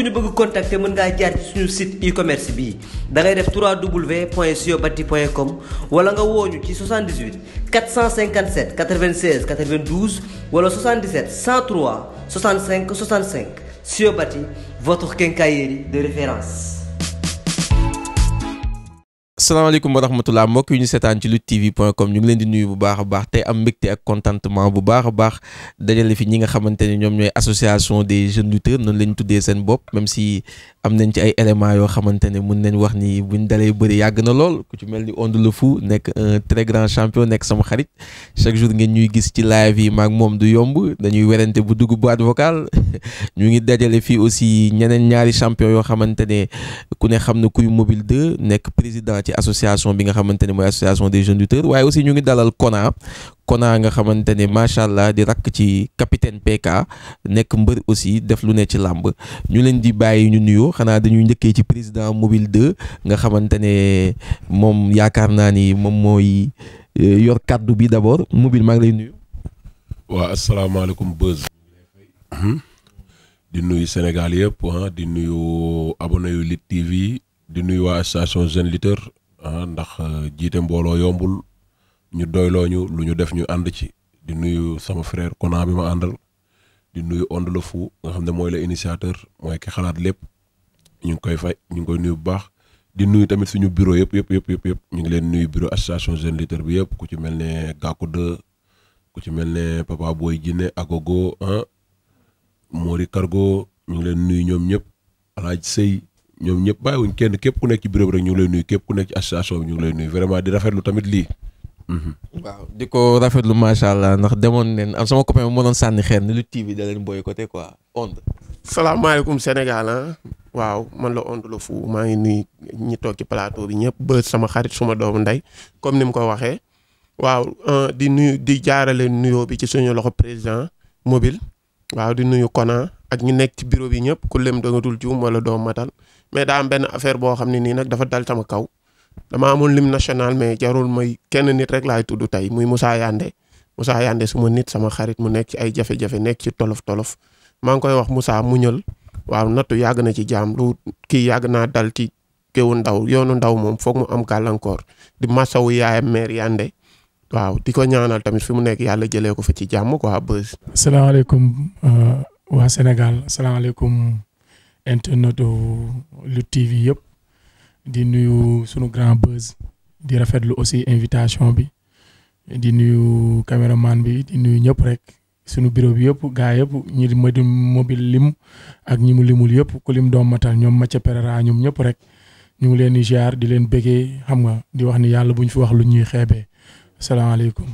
ku ñu bëgg contacter mën ngaa jaar ci suñu site e-commerce bii da ngay def www.siobati.com wala nga wooñu ci 78 457 96 92 wala 77 103 65 65 Siobati votre quincaillerie de référence. salaamaaleykum wa rahmatulah mbokk yi ñu seetaan ci Lutte TV point com ñu ngi leen di nuyu bu baax a baax tey am mbégte ak contentement bu baax a baax dajale fi ñi nga xamante ne ñoom ñooy association des jeunes lutteurs noonu la ñu tuddee seen bopp même si am nañ ci ay éléments yoo xamante ne mun nañ wax ni buñ dalee bëri yàgg na lool ku ci mel ni Onde le Fou nekk un très grand champion nekk sama xarit chaque jour ngeen ñuy gis ci live yi maag moom du yomb dañuy werante bu dugg boîte vocale ñu ngi dajale fii aussi ñeneen ñaari champion yoo xamante ne ku ne xam na kuy mobile 2 nekk président ci association bi nga xamante ne mooy association des jeunes lutteurs waaye aussi ñu ngi dalal Kona Kona nga xamante ne macha allah di rakk ci capitaine PK nekk mbër aussi def lu ne ci làmb ñu leen di bàyyi ñu nuyoo xanaa dañuy njëkkee ci président mobile de nga xamante ne moom yaakaar naa ni moom mooy euh, yor kàddu bi d'abord mobile maa ngi lay nuyu. waaw asalaamaaleykum Beuz. Hmm? nuyu Sénégal yëpp ah, di nuyu abonné yu Lutte TV di nuyu waa station jeune lutteur ah ndax euh, jiite mbooloo yombul. ñu doyloo ñu lu ñu def ñu ànd ci di nuyu sama frère Kona bi ma àndal di nuyu Onde le Fou nga xam ne mooy la initiateur mooy ki xalaat lépp ñu ngi koy fay ñu ngi koy nuyu bu baax di nuyu tamit suñu bureau yëpp yëpp yëpp yëpp yëpp ñu ngi leen nuyu bureau association jeune leader bi yëpp ku ci mel ne Gakou 2 ku ci mel ne Papa Boy Djiné Agogo ah Mori Cargo ñu ngi leen nuyu ñoom ñëpp Alaaji Sey ñoom ñëpp bàyyiwuñ kenn képp ku nekk ci bureau bi rek ñu ngi leen nuyu képp ku nekk ci association bi ñu ngi leen nuyu vraiment di rafetlu tamit lii Mm-hmm. waaw di ko rafetlu macha allah ndax demoon neen am sama copain bi ma doon sànni xeer ne lu TV da leen boycotté quoi Onde. salaamaaleykum Sénégal ah. waaw man la Onde Lofou maa ngi nuyu ñi toog ci plateau bi ñëpp ba sama xarit suma doomu ndey comme ni mu ko waxee. waaw euh, di nuyu di jaarale nuyoo bi ci suñu loxo président mobile. waaw di nuyu Kona ak ñu nekk ci bureau bi ñëpp ku lem da nga wala doo matal mais daa am benn affaire boo xam ne nii nag dafa dal sama kaw. dama amul lim national mais jarul may kenn nit rek laay tudd tey muy Moussa Yandé Moussa yànde suma nit sama xarit mu nekk ci ay jafe-jafe nekk ci tolof-tolof maa ngi koy wax Moussa muñal waaw nattu yàgg na ci jaam lu kii yàgg naa dal ci ndaw yoonu ndaw moom foog mu am gàllankoor di masawu yaayam mère Yandé waaw di ko ñaanal tamit fi mu nekk yàlla jëlee ko fa ci jàmm quoi bës. salaamaaleykum euh, waa Sénégal salaamaaleykum internet Lutte TV yëpp. di nuyu sunu grand buzz di rafetlu aussi invitation bi di nuyu caméraman bi di nuyu ñëpp rek suñu bureau bi yëpp gaa yëpp ñi ma di mobile lim ak ñi mu limul yëpp ku lim doom matal ñoom Mathia Pereira ñoom ñëpp rek ñu ngi leen di ziar di leen bëggee xam nga di wax ni yàlla bu ñu fi wax lu ñuy xeebee asalaamaaleykum.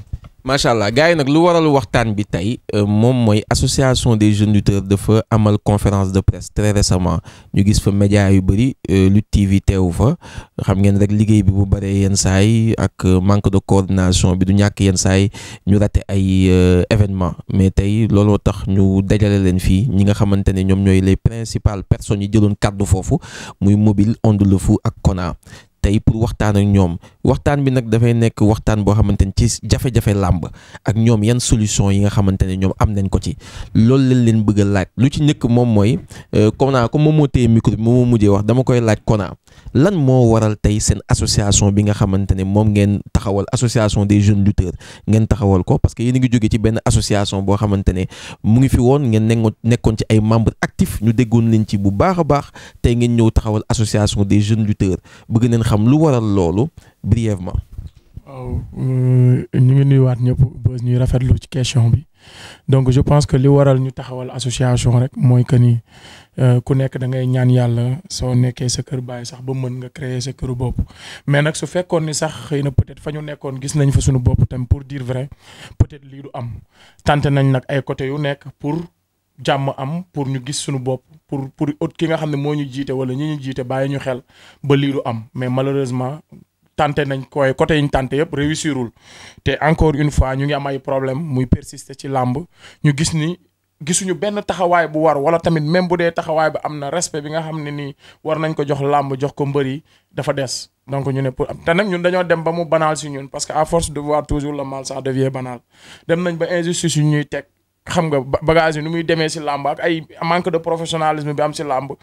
macha allah gars yi nag lu waral waxtaan bi tey euh, moom mooy association des jeunes lutteurs dafa amal conférence de presse très récemment ñu gis fa média yu bëri euh, Lutte TV teewu fa xam ngeen rek liggéey bi bu bëree yenn saa ak euh, manque de coordination bi du ñàkk yenn saa ñu rate ay événement mais tey looloo tax ñu dajale leen fii ñi nga xamante ne ñoom ñooy les principale personne yi jëloon kàddu foofu muy mobile onde le fou ak Kona tey pour waxtaan ak ñoom waxtaan bi nag dafay nekk waxtaan boo xamante ne ci jafe-jafe làmb ak ñoom yan solution yi nga xamante ne ñoom am nañ ko ci loolu lañ leen bëgg a laaj lu ci njëkk moom mooy euh, Kona comme moom moo téye micro bi moom moo mujjee wax dama koy laaj Kona lan moo waral tey seen association bi nga xamante ne moom ngeen taxawal association des jeunes lutteurs ngeen taxawal ko parce que yéen a ngi jóge ci benn association boo xamante ne mu ngi fi woon ngeen nengo nekkoon ci ay membres actif ñu déggoon leen ci bu baax a baax tey ngeen ñëw taxawal association des jeunes lutteurs bëgg neen xam lu waral loolu brièvement. waaw euh, ñu ngi nuyuwaat ñëpp ñuy rafetlu ci question bi. donc je pense que li waral ñu taxawal association rek mooy que ni euh, ku nekk da ngay ñaan yàlla soo nekkee sa kër bàyyi sax ba mën nga créer sa këru bopp. mais nag su fekkoon ni sax xëy na peut-être fa ñu nekkoon gis nañ fa suñu bopp tam pour diir vrai peut-être lii du am tante nañ nag ay côté yu nekk pour. jàmm am pour ñu gis suñu bopp pour pour ot ki nga xam ne moo ñu jiite wala ñi ñu jiite bàyyi ñu xel ba lii du am mais malheureusement tenté nañ koy côté yi ñu tenté yëpp réussirul te encore une fois ñu ngi am ay problème muy persister ci làmb ñu gis ni gisuñu benn taxawaay bu war wala tamit même bu dee taxawaay bi am na respect bi nga xam ne nii war nañ ko jox làmb jox ko mbër yi dafa des donc ñu ne pour te nag ñun dañoo dem ba mu banal si ñun parce que à force de voir toujours le mal ça devient banal dem nañ ba injustice yu ñuy teg xam nga bagage ni nu muy demee si làmb ay manque de professionalisme bi am si làmb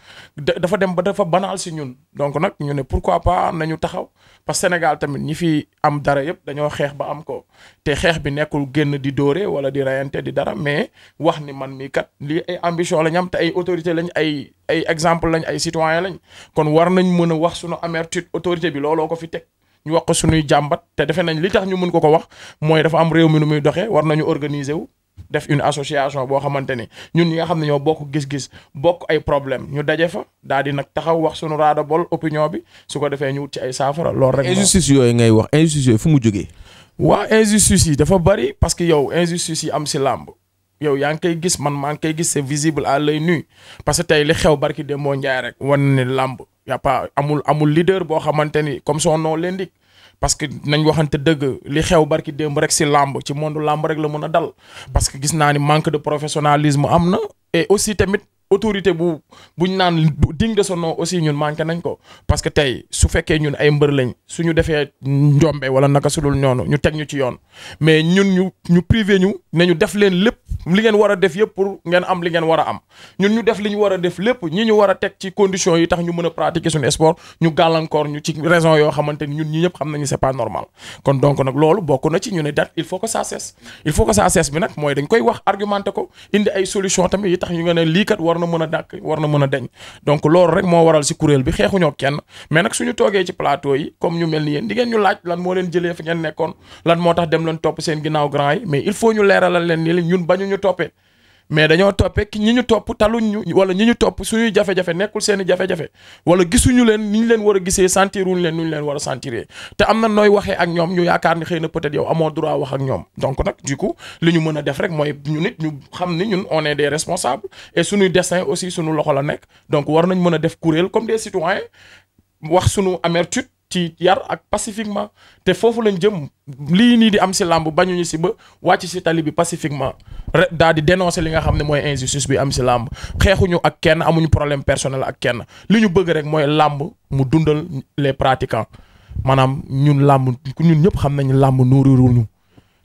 dafa dem ba dafa banaal si ñun donc nag ñu ne pourquoi pas nañu taxaw parce que Sénégal tamit ñi fi am dara yëpp dañoo xeex ba am ko te xeex bi nekkul génn di doore wala di rayante di dara mais wax ni man mii kat lii ay ambition lañ am te ay autorité lañ ay ay exemple lañ ay citoyen lañ kon war nañ mën a wax suñu amertume autorité bi looloo ko fi teg ñu wax ko suñuy jàmbat te defe nañ li tax ñu mën ko ko wax mooy dafa am réew mi nu muy doxee war nañu organiser wu def une association boo xamante ni ñun ñi nga xam ne ñoo bokk gis-gis bokk ay problème ñu daje fa daal di nag taxaw wax suñu raada bol opinion bi su ko defee ñu wut ci ay saafara loolu rek. injustice yooyu ngay wax injustice yooyu fu mu jógee. waa injustice yi dafa bëri parce que yow injustice yi am si làmb yow yaa ngi koy gis man maa ngi koy gis c'est visible à lay nuy parce que tey li xew barki Demba Ndiaye rek wan ni làmb y a amul amul leader boo xamante ni comme son nom l'indique parce que nañ waxante dëgg li xew barki démb rek si làmb ci monde làmb rek la mën a dal parce que gis naa ni manque de professionnalisme am na et aussi tamit autorité bu buñ naan digne de son aussi ñun manqué nañ ko parce que tey su fekkee ñun ay mbër lañ su ñu defee njombe wala naka sudul ñoonu ñu teg ñu ci yoon mais ñun ñu ñu privé ñu ne ñu def leen lépp li ngeen war a def yëpp pour ngeen am li ngeen war a am ñun ñu def li ñu war a def lépp ñi ñu war a teg ci conditions yi tax ñu mën a pratiquer suñu sport ñu gàllankoor ñu ci raison yoo xamante ñun ñi ñëpp xam nañu ci solution tamit yi tax ñu nga lii kat war na mën a dàkk war na mën a deñ donc loolu rek moo waral si kuréel bi xeexuñoo kenn mais nag suñu toogee ci plateau yi comme ñu mel ni yéen di ngeen ñu laaj lan moo leen jëlee fa ngeen ñu ñu toppee mais dañoo toppee ñi ñu topp taluñ ñu wala ñi ñu topp suñuy jafe-jafe nekkul seen i jafe-jafe wala gisuñu leen ni ñu leen war a gisee sentiruñ leen nu ñu leen war a sentiree te am na nooy waxee ak ñoom ñu yaakaar ni xëy na peut-être yow amoo droit wax ak ñoom donc nag du ko li ñu mën a def rek mooy ñu nit ñu xam ni ñun on est des responsables et suñuy destin aussi suñu loxo la nekk donc war nañ mën a def kuréel comme des citoyens wax suñu amertume ci yar ak pacifiquement te foofu lañ jëm lii nii di am si làmb bañuñu si ba wàcc si tali bi pacifiquement re daal di dénoncer li nga xam ne mooy injustice bi am si làmb xeexuñu ak kenn amuñu problème personnel ak kenn li ñu bëgg rek mooy làmb mu dundal les pratiquants maanaam ñun làmb ñun ñëpp xam nañu làmb nourriruñu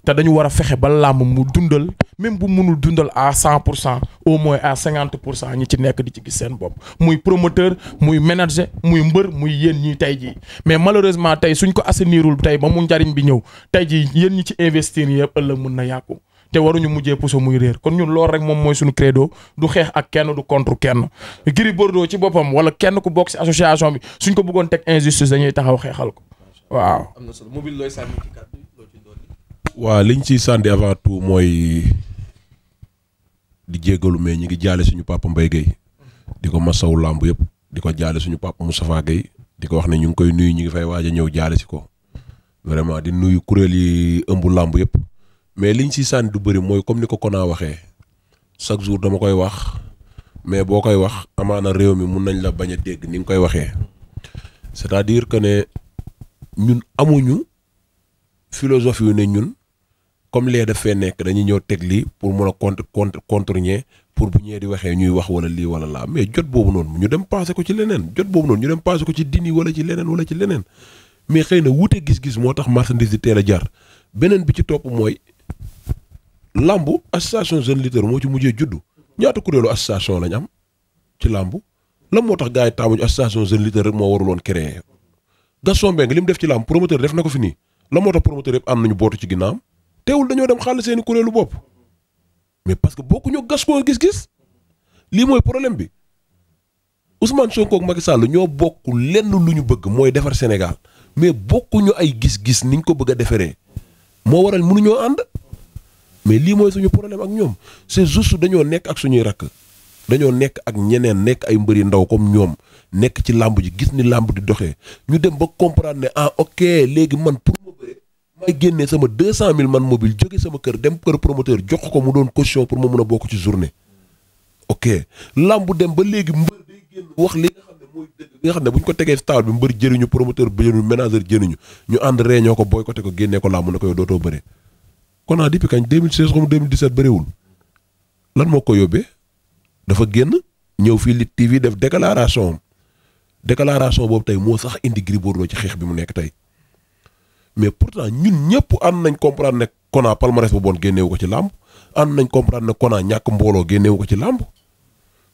te dañu war a fexe ba làmb mu dundal même bu mënul dundal à cent pour cent au moins à cinquante pour cent ñi ci nekk di ci gis seen bopp muy promoteur muy manager muy mbër muy yéen ñi tey jii mais malheureusement tey suñ ko assainirul tey ba mu njariñ bi ñëw tey jii yéen ñi ci investir yëpp ëllëg mun na yàqu te waruñu mujjee puso muy réer kon ñun loolu rek moom mooy suñu credo du xeex ak kenn du contre kenn Gris Bordeaux ci boppam wala kenn ku bokk ci association bi suñ ko bëggoon teg dañuy taxaw xeexal ko waaw. am na solo mobile looy sànni waa liñ ciy sànni avant tout mooy di jéggalu mais ñu ngi jaale suñu papa Mbaye Gueye di ko masawu làmb yëpp di ko jaale suñu papa Moustapha Gueye di ko wax ne ñu ngi koy nuyu ñu ngi fay waaj a ñëw jaale si ko vraiment di nuyu kuréel yi ëmbu làmb yëpp mais liñ ciy sànni du bëri mooy comme ni ko Kona waxee chaque jour dama koy wax mais boo koy wax amaana réew mi mun nañ la bañ a dégg ni nga koy waxee c'est-à-dire que ne ñun amuñu philosophie yu ne ñun comme lee daf nekk dañu ñëw teg lii pour mën a contre contre pour bu ñëwee di waxee ñuy wax wala lii wala laa mais jot boobu noonu ñu dem passé ko ci leneen jot boobu noonu ñu dem passé ko ci dini wala ci leneen wala ci leneen mais xëy na wuute gis-gis moo tax marchandise di teel a jar beneen bi ci topp mooy lamb association jeune lutteur moo ci mujjee juddu ñaata kuréelu association lañ am ci làmb lan moo tax gars yi taamuñu association jeune lutteur moo waruloon créer Gaston Mbengue li mu def ci làmb promoteur ko fi nii lan moo tax am nañu bootu ci ginnaam teewul dañoo dem xàll seeni kuréelu bopp mais parce que gas Gaston gis-gis lii mooy problème bi Ousmane Sonko ak Sall ñoo bokk lenn lu ñu bëgg mooy defar Sénégal mais bokkuñu ay gis-gis niñ ko bëgg a defaree moo waral mënuñoo ànd mais lii mooy suñu problème ak ñoom c'est juste dañoo nekk ak suñuy rakk dañoo nekk ak ñeneen nekk ay mbëri ndaw comme ñoom nekk ci làmb ji gis ni làmb di doxee ñu dem ba comprendre ne ah ok léegi man pour may génne sama mille man mobile jóge sama kër dem kër promoteur jox ko mu doon caution pour ma mun a bokk ci journée. ok lam bu dem ba léegi mbër day génn wax li nga xam ne mooy ne bu ñu ko tegee stade bi mbër jëriñu promoteur bi jëriñu ménageur jëriñu ñu ànd ree ñoo ko boycotté ko génnee ko lambu ne ko yow dootoo bëree. kon ah depuis kañ 2016 comme 2017 bëriwul lan moo ko yóbbee dafa génn ñëw fii li TV def déclaration am déclaration boobu tey moo sax indi Gris Bordeaux ci xeex bi mu nekk tey. mais pourtant ñun ñëpp ànd nañ comprendre ne Kona palmarès bu bon génneewu ko ci làmb ànd nañ comprendre ne Kona ñàkk mbooloo génnewu ko ci làmb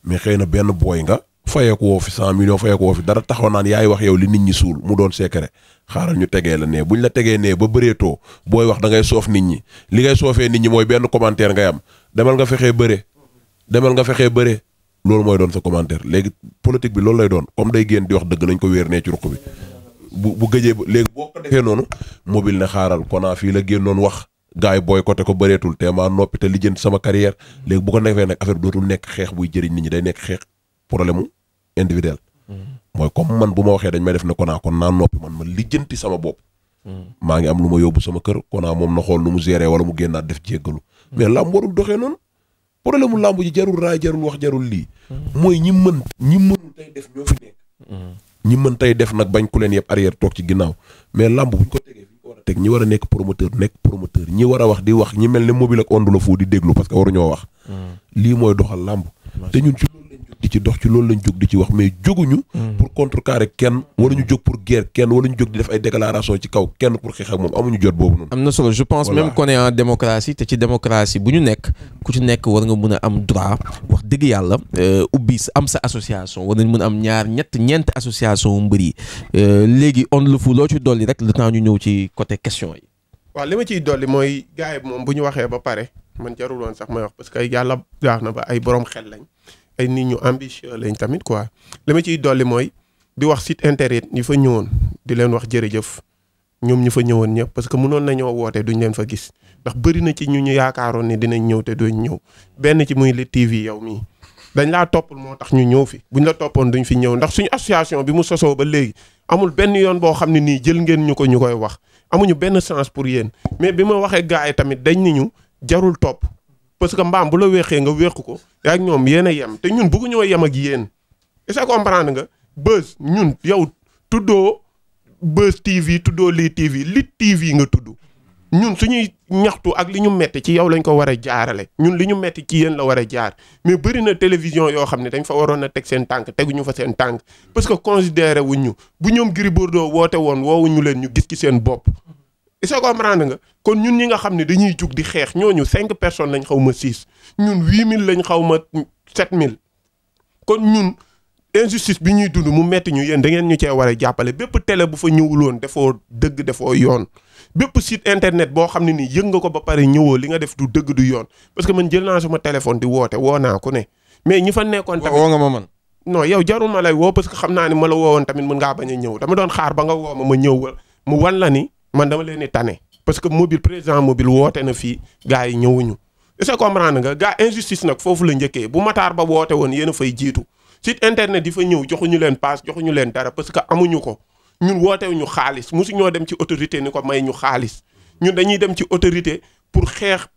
mais xëy na benn booy nga fayeeku woo fi cent millions fayeeku woo fi dara taxaw naan yaay wax yow li nit ñi suul mu doon secret xaaral ñu tegee la nee buñ la tegee nee ba bëreetoo booy wax da ngay soof nit ñi li ngay soofee nit ñi mooy benn commentaire ngay am demal nga fexee bëre demal nga fexee bëre loolu mooy doon sa commentaire léegi politique bi loolu lay doon comme day génn di wax dëgg nañ ko wéer nee ci ruq bu bu gëjee léegi boo ko defee noonu mobile ne xaaral Kona fii la génnoon wax gars yi boycotté ko bareetul te maa noppi te lijjanti sama carrière léegi bu ko defee nag affaire dootul nekk xeex buy jëriñ nit ñi day nekk xeex problème mu individuel. Mm. mooy comme man bu ma waxee dañ may def ne Kona kon naa noppi man ma lijjanti sama bopp. Mm. maa ngi am lu ma yóbbu sama kër Kona moom na xool lu mu gérer wala mu génnaat def jéggalu. Mm. mais làmb warul doxee noonu. problème mu làmb ji jarul raay jarul wax jarul lii. mooy ñi mën ñi mënul tey def ñoo fi nekk. ñi def nag bañ ku leen yëpp arrière toog ci ginnaaw mais làmb bu ñu ko tegee fi ñu ko war a teg ñi war a nekk promoteur nekk promoteur ñi war a wax di wax ñi mel mobile ondu la foo di déglu parce que waruñoo wax. Mm. lii mooy doxal làmb te ñun ci di ci dox ci loolu lañ jóg di ci wax mais jóguñu hmm. pour contrecarrer kenn wala ñu jóg pour guerre kenn wala ñu jóg di def ay déclaration ci kaw kenn pour xeex ak moom amuñu jot boobu noonu am na solo je pense même qu'on est en te ci démocratie bu ñu nekk ku ci nekk war nga mën a am droit wax dëgg yàlla euh, ubbi am sa association war nañ mën a am ñaar ñett ñeent association mbër yi euh, léegi on le fu loo ci dolli rek le temps ñu ñëw ci côté question yi waaw li ma ciy dolli mooy gars yi moom bu ñu waxee ba pare man jarul woon sax may wax parce que yàlla baax na ba ay borom xel lañ ay nit ñu ambitieux lañ tamit quoi li ma ciy dolli mooy di wax site internet ñi fa ñëwoon di leen wax jërëjëf ñoom ñu fa ñëwoon ñëpp parce que mënoon nañoo wootee duñ leen fa gis ndax bëri na ci ñu ñu yaakaaroon ni dinañ ñëw te duñ ñëw benn ci muy Lutte TV yow mii dañ laa toppul moo tax ñu ñëw fi buñ la toppoon duñ fi ñëw ndax suñu association bi mu sosoo ba léegi amul benn yoon boo xam ne nii jël ngeen ñu ko ñu koy wax amuñu benn chance pour yéen mais bi ma waxee gars yi tamit dañ ni jarul topp parce que mbaam bu la weexee nga weex ko yaa ngi ñoom yéen a yem te ñun bëggu ñoo yem ak yéen est-ce comprendre nga bës ñun yow tuddoo bës TV tuddoo lii TV lit TV nga tudd ñun suñuy ñaxtu ak li ñu metti ci yow lañ ko war a jaarale ñun li ñu metti ci yéen la war a jaar mais bëri na télévision yoo xam ne dañ fa waroon a teg seen tànk teguñu fa seen tànk parce que considéré wuñ ñu bu ñoom Gris Bordeaux woote woon woowuñu leen ñu gis ci seen bopp est-ce que nga kon ñun ñi nga xam ne dañuy jug di xeex ñooñu cinq personnes lañ xaw ma six ñun huit mille lañ xaw ma sept mille kon ñun injustice bi ñuy dund mu metti ñu yéen da ngeen ñu cee war a jàppale bépp tele bu fa ñëwuloon defoo dëgg defoo yoon bépp site internet boo xam ne nii yëg nga ko ba pare ñëwoo li nga def du dëgg du yoon parce que man jël naa sama téléphone di woote woo naa ku ne mais ñi fa nekkoon tamit woo nga ma man non yow jarul ma lay woo parce que xam naa ne ma la tamit mën ngaa bañ ñëw dama doon xaar ba nga woo ma ma ñëw ma wan la ni man dama leen di tane parce que mobile président mobile woote na fii gars yi ñëwuñu est-ce que comprendre nga gars injustice nag foofu la njëkkee bu mataar ba woote woon yéen fay jiitu site internet yi fa ñëw joxuñu leen paas joxuñu leen dara parce que amuñu ko ñun wootewuñu xaalis musu ñoo dem ci autorité ni ko may ñu xaalis ñun dañuy dem ci autorité pour xeex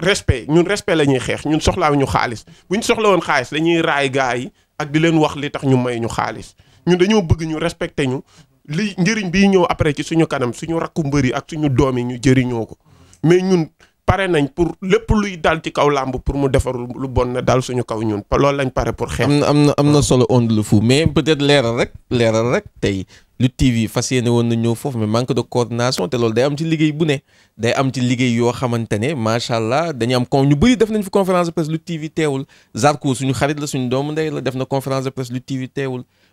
respe ñun respect la ñuy xeex ñun soxlaawuñu xaalis bu ñu soxla woon xaalis dañuy raay gars yi ak di leen wax li tax ñu may ñu xaalis ñun dañoo bëgg ñu respecté ñu li njëriñ bi ñëw après ci suñu kanam suñu rakku mbër yi ak suñu doom yi ñu jëriñoo ko mais ñun pare nañ pour lépp luy dal ci kaw làmb pour mu defarul lu bon na dal suñu kaw ñun loolu lañ pare pour xeex. am na am na am na solo Onde le Fou mais peut-être leeral rek leeral rek tey lu TV fas yéene woon na ñëw foofu mais manque de coordination te loolu day am ci liggéey bu ne day am ci liggéey yoo xamante ne macha allah dañu am kon ñu bëri def nañ fi conférence de presse lu TV teewul Zarko xarit la suñu doomu ndey la def na conférence de presse lu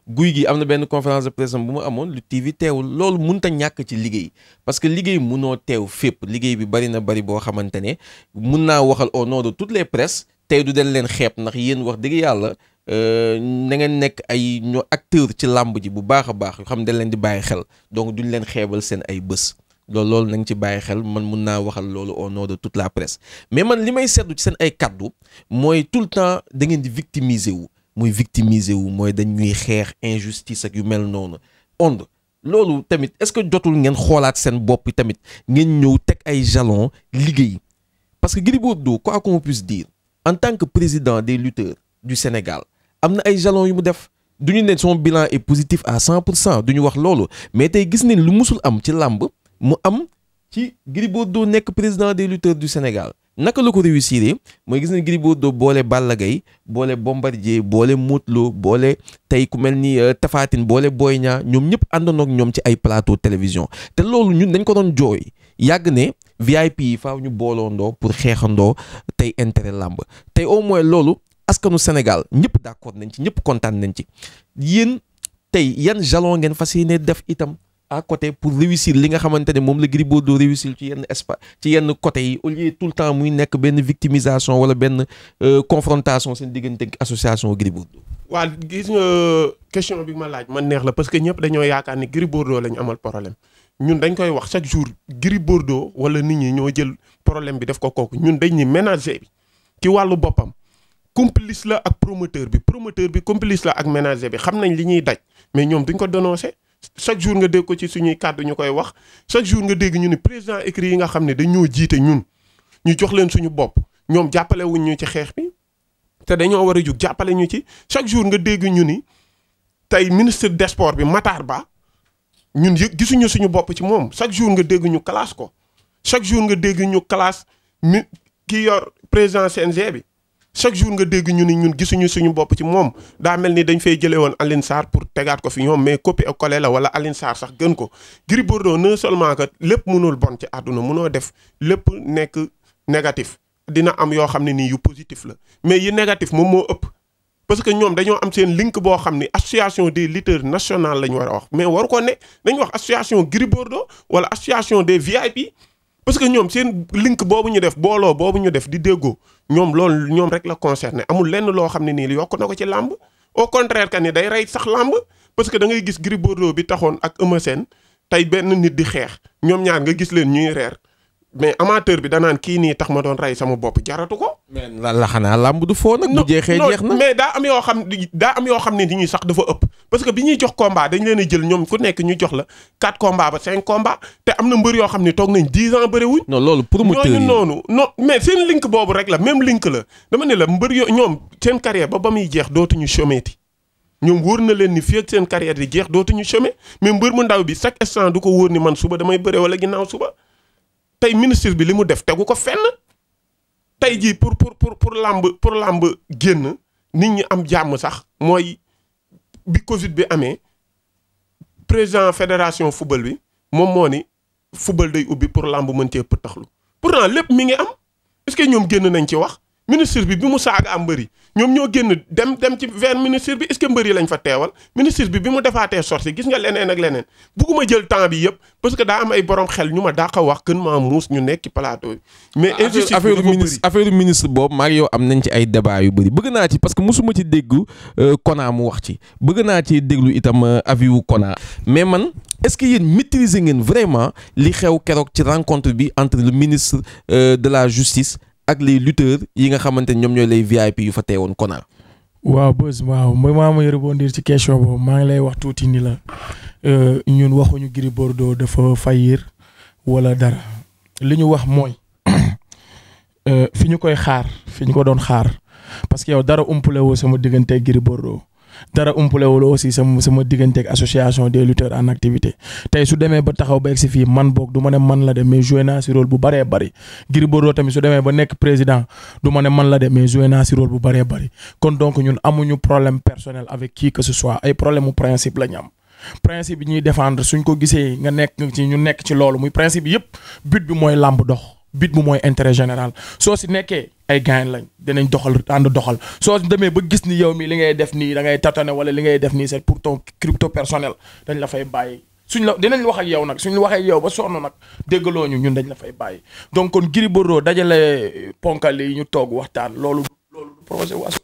guy gi am na benn conférence de presse bu mu amoon lu TV teewul loolu mun a ñàkk ci liggéey parce que liggéey munoo teew fépp liggéey bi bari na bari boo xamante ne mun naa waxal au nom tout toutes les presses tey du den leen xeeb ndax yéen wax dëgg yàlla euh, na ngeen nekk ay ñoo acteur ci làmb ji bu baax a baax yoo xam ne dañ leen di bàyyi xel donc duñ leen xeebal seen ay bés. loolu loolu nañ ci bàyyi xel man mun naa waxal loolu au nom de toute la presse mais man li may ci seen ay kaddu mooy tout le temps da ngeen di victimiser wu. muy victimiser wu mooy dañ ñuy xeex injustice ak yu mel noonu ond loolu tamit est-ce que jotul ngeen xoolaat seen bopp tamit ngeen ñëw teg ay jalon liggéey parce que Gris Bordeaux quoi qu'on puisse dire en tant que président des lutteurs du Sénégal am na ay jalon yu mu def du ñu ne son bilan et positif à cent pour cent du ñu wax loolu mais tey gis nañ lu musul am ci làmb mu am ci Gris Bordeaux nekk président des lutteurs du Sénégal naka la ko réussir mooy gis na Gris Bordeaux boole Balla Gaye boole Bombardier boole Modou Lô boole tey ku mel ni euh, Tapha boole Boy Niang ñoom ñëpp àndoon ñoom ci ay plateau télévision te loolu ñun dañ ko doon jooy yàgg ne VIP yi faaw ñu booloondoo pour xeexandoo tey intérêt làmb tey au moins loolu askanu Sénégal ñëpp d'accord nañ ci ñëpp kontaan nañ ci yéen tey yan jalon ngeen fas ne def itam à côté pour réussir li nga xamante ne moom la Gris Bordeaux réussir ci yenn espace ci yenn côté yi au lieu tout le temps muy nekk benn victimisation wala benn euh, confrontation seen diggante association Gris Bordeaux. waaw gis nga euh, question bi ma laaj man neex la parce que ñëpp dañoo yaakaar ni Gris Bordeaux lañu amal problème ñun dañ koy wax chaque jour Gris Bordeaux wala nit ñi ñoo jël problème bi def ko kooku ñun dañ ni ménager bi ci wàllu boppam. complice la ak promoteur bi promoteur bi complice la ak ménager bi xam nañ li ñuy daj mais ñoom duñ ko dénoncé. chaque jour nga dégg ko ci suñuy kàddu ñu koy wax chaque jour nga dégg ñu ni président écrit yi nga xam ne dañoo jiite ñun ñu jox leen suñu bopp ñoom jàppale ñu ci xeex bi te dañoo war a jug jàppale ñu ci chaque jour nga dégg ñu ni tey ministre des sports bi Matar Ba ñun yëg gisuñu suñu bopp ci moom chaque jour nga dégg ñu classe ko chaque jour nga dégg ñu classe mi kii yor président CNG bi. chaque jour nga dégg ñu ni ñun gisuñu suñu bopp ci moom daa mel ni dañ fay jëlee woon Alioune Sarr pour tegaat ko fi ñoom mais copier coller la wala Alioune sax gën ko Gris Bordeaux non seulement que lépp mënul bon ci àdduna mënoo def lépp nekk négatif dina am yoo xam ne nii yu positif la mais yi négatif moom moo ëpp parce que ñoom dañoo am seen link boo xam ni association des lutteurs nationales la ñu war a wax mais waru ko ne dañu wax association Gris Bordeaux wala association des VIP parce que ñoom seen link boobu ñu def booloo boobu ñu def di déggoo ñoom loolu ñoom rek la concerné amul lenn loo xam ne nii yokk na ko ci làmb au contraire que ni day rey sax làmb parce que da ngay gis Gris bi taxoon ak Eumeu seen tey benn nit di xeex ñoom ñaar nga gis leen ñuy reer mais amateur bi danaan kii nii tax ma doon rey sama bopp jaratu ko. mais lan la xanaa làmb du foo nag. bu jeexee jeex na mais daa am yoo xam daa am yoo xam ne nit ñi sax dafa ëpp. parce que bi ñuy jox combat dañ leen jël ñoom ku nekk ñu jox la 4 combat ba 5 combat te am na mbër yoo xam ne toog nañ 10 ans bëriwuñ. non loolu promoteur yi ñooñu noonu non mais seen link boobu rek la même link la dama ne la mbër yoo ñoom seen carrière ba ba muy jeex dootuñu chômeeti ñoom wóor na leen ni fii seen carrière di jeex dootuñu chômer mais mbër mu ndaw bi chaque instant du ko wóor ni man suba damay bëre wala ginnaaw suba tey ministre bi li mu def tegu ko fenn tey jii pour pour pour pour làmb pour làmb génn nit ñi am jàmm sax mooy bi Covid bi amee président fédération football bi moom moo ni football day ubbi pour làmb mën cee pour pourtant lépp mi ngi am est que ñoom génn nañ ci wax ministre bi bi mu saaga am mbëri ñoom ñoo génn dem dem ci vers ministre bi est-ce mbëri lañ fa teewal ministre bi bi mu defaatee sorti gis nga leneen ak leneen bugguma jël temps bi yëpp parce que daa am ay borom xel ñu ma dàq wax gën maa muus ñu nekk ci plateau yi mais ah, injustice affaire ministre affaire ministre boobu maa ngi yow am nañ ci ay débat yu bëri bëgg naa ci parce que mosuma ci déggu euh, Kona mu wax ci bëgg naa ci déglu itam euh, avis wu Kona mais man est-ce que yéen maîtriser ngeen vraiment li xew keroog ci rencontre bi entre le ministre euh, de la justice ak les lutteurs yi nga xamante ñoom ñooy lay VIP yu fa teewoon Kona. waaw bës waaw mooy maa may rebondir ci question boobu maa ngi lay wax tuuti ni la euh, ñun waxuñu Gris Bordeaux dafa fayir wala dara li ñu wax mooy euh, fi ñu koy xaar fi ñu ko doon xaar parce que yow dara umpale woo sama diggante Gris Bordeaux dara umpalewul aussi sama sama diggante association des lutteurs en activité tey su demee ba taxaw ba si fii man boog du ma ne man la de mais joué naa si rôle bu bëree bari Gris Bordeaux tamit su demee ba nekk président du ma man la de mais joué bu bëree bëri kon donc ñun amuñu problème personnel avec qui que ce soit ay problème mu principe la am principe bi ñuy défendre suñ ko gisee nga nekk ci ñu nekk ci loolu muy principe yëpp bit bi mooy làmb dox but bu mooy intérêt général soo si nekkee ay gain lañ dinañ doxal ànd doxal soo demee ba gis ni yow mi li ngay def nii da ngay tatane wala li ngay def nii c'est pour ton crypto personnel dañ la fay bàyyi suñ la dinañ wax ak yow nag suñ waxee ak yow ba sonn nag déggaloo ñu ñun dañ la fay bàyyi donc kon Gris Bordeaux dajale ponkal yi ñu toog waxtaan loolu loolu projet waas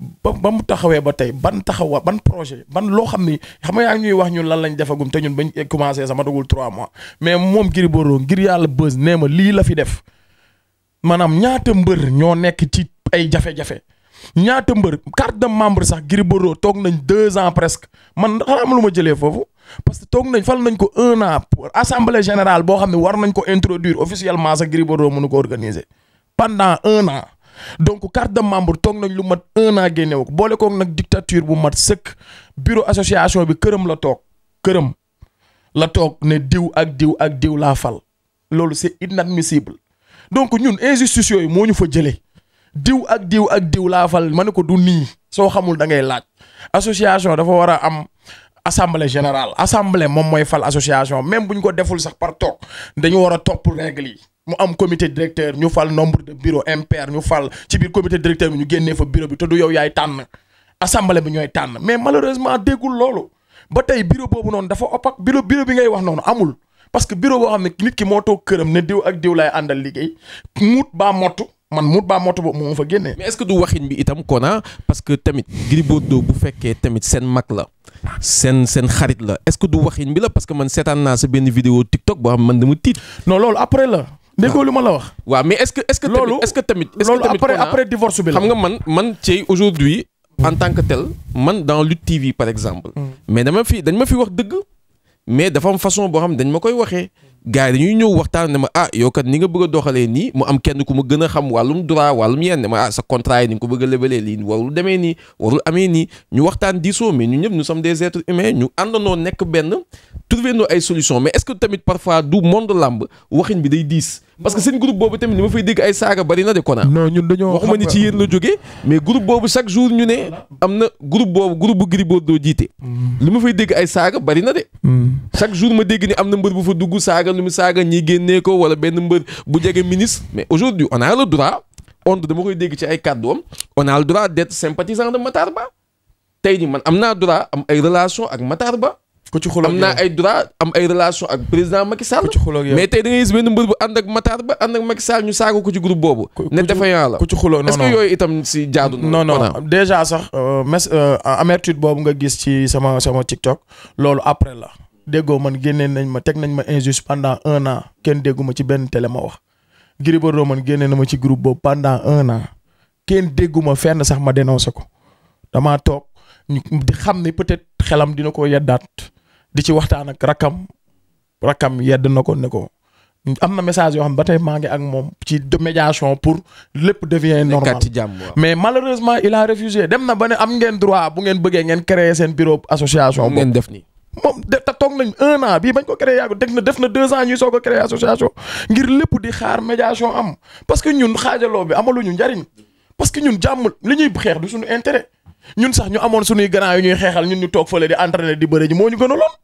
ba ba mu taxawee ba tey ban taxawa ban projet ban loo xam ni xam nga yaa ñuy wax ñun lan lañ defagum te ñun bañ commencé sama dugul trois mois mais moom Gris Bordeaux ngir yàlla bës nee ma lii la fi def maanaam ñaata mbër ñoo nekk ci ay jafe-jafe ñaata mbër carte de membre sax Gris Bordeaux toog nañ deux ans presque man xanaa am lu ma jëlee foofu parce que toog nañ fal nañ ko un an pour assemblée générale boo xam ne war nañ ko introduire officiellement sax Gris Bordeaux mënu ko organiser donc carte de membre toog nañ lu mat un génnew ko boole koog nag dictature bu mat sëkk bureau association bi këram la toog këram la toog ne diw ak diw ak diw laa fal loolu c'est inadmissible donc ñun injustice yooyu moo ñu fa jëlee diw ak diw ak diw laa fal ma ne ko du nii soo xamul da ngay laaj association dafa war a am assemblée général assemblée moom mooy fal association même bu ñu ko deful sax par toog dañu war a topp règle yi mu am comité directeur ñu fal nombre de bureau impair ñu fal ci biir comité directeur bi ñu génnee fa bureau bi te du yow yaay tànn assemblée bi ñooy tànn mais malheureusement déggul loolu ba tey bureau boobu noonu dafa opaque bureau bureau bi ngay wax noonu amul parce que bureau boo xam ne nit ki moo toog këram ne diw ak diw laay àndal liggéey muut baa mottu man muut baa mottu boobu moo fa génnee. mais ce que du waxin bi itam Kona parce que tamit Gris Bordeaux bu fekkee tamit seen mag la. seen seen xarit la est-ce que du bi la parce que man seetaan naa sa benn vidéo TikTok boo xam man dama loolu après la. déggoo lu ma la wax. waaw mais est-ce que est-ce que. loolu que tamit. est-ce que tamit par exemple. Hmm. mais dama fi dañ ma fi wax dëgg. mais dafa am boo xam dañ ma koy waxee. gars yi dañuy ñëw waxtaan ma ah yow kat nga bëgg a doxalee mu am kenn ku ma gën a xam wàllum droit wàllum yenn ma ah sa contrat yi ni nga ko bëgg a lebalee lii warul demee nii warul amee nii ñëpp nous sommes des êtres humains ñu àndandoo nekk benn trouver solution mais est-ce que tamit parfois du monde làmb waxin bi day diis. parce que seen groupe boobu tamit ni ma fay dégg ay saaga bari na de kona non ñun dañoo waxuma ni ci yéen la jógee mais groupe boobu chaque jour ñu ne am na groupe boobu groupe bu doo Bordeaux jiite mm. li ma fay dégg ay saaga bari na de mm. chaque jour ma dégg ni am na mbër bu fa dugg saaga lu mu saaga ñi génnee ko wala benn mbër bu jege ministre mais aujourd'hui on a le droit ond dama koy dégg ci ay kàddoom on a le droit d'être sympathisant de Matar Ba tey ni man am naa droit am ay relation ak Matar Ba ku ci xuloo am naa ay droit am ay relation ak président Macky Sall. ku ci xuloo mais tey da ngay gis benn mbër bu ànd ak Matar ba ànd ak Macky Sall ñu saago ko ci groupe boobu. ne défaillant la ku ci xuloo non non est-ce que yooyu itam si jaadu. non non euh, euh, boobu nga gis ci sama sama TikTok loolu après la déggoo man génnee nañ ma teg nañ ma injuste pendant un kenn déggu ci benn télé wax. Gris Bordeaux man génnee na ci groupe boobu pendant un an kenn déggu ma fenn sax ma dénoncé ko damaa toog xam ni peut-être xelam dina ko yeddaat. di ci waxtaan ak rakkam rakkam yedd na ko ne ko am na message yoo xam ba tey maa ngi ak moom ci médiation pour lépp devient normal mais malheureusement il a refusé dem na ba ne am ngeen droit bu ngeen bëggee ngeen créer seen bureau association. ngeen def nii moom de te toog nañ un an bii bañ ko créé yàgg deg na def na deux ans ñuy soo a créé association ngir lépp di xaar médiation am parce que ñun xaajaloo bi amaluñu njariñ parce que ñun jàmm li ñuy xeex du suñu intérêt. ñun sax ñu amoon suñuy grand yu ñuy xeexal ñun ñu toog fële di entraîner di bëre ji moo ñu gënaloon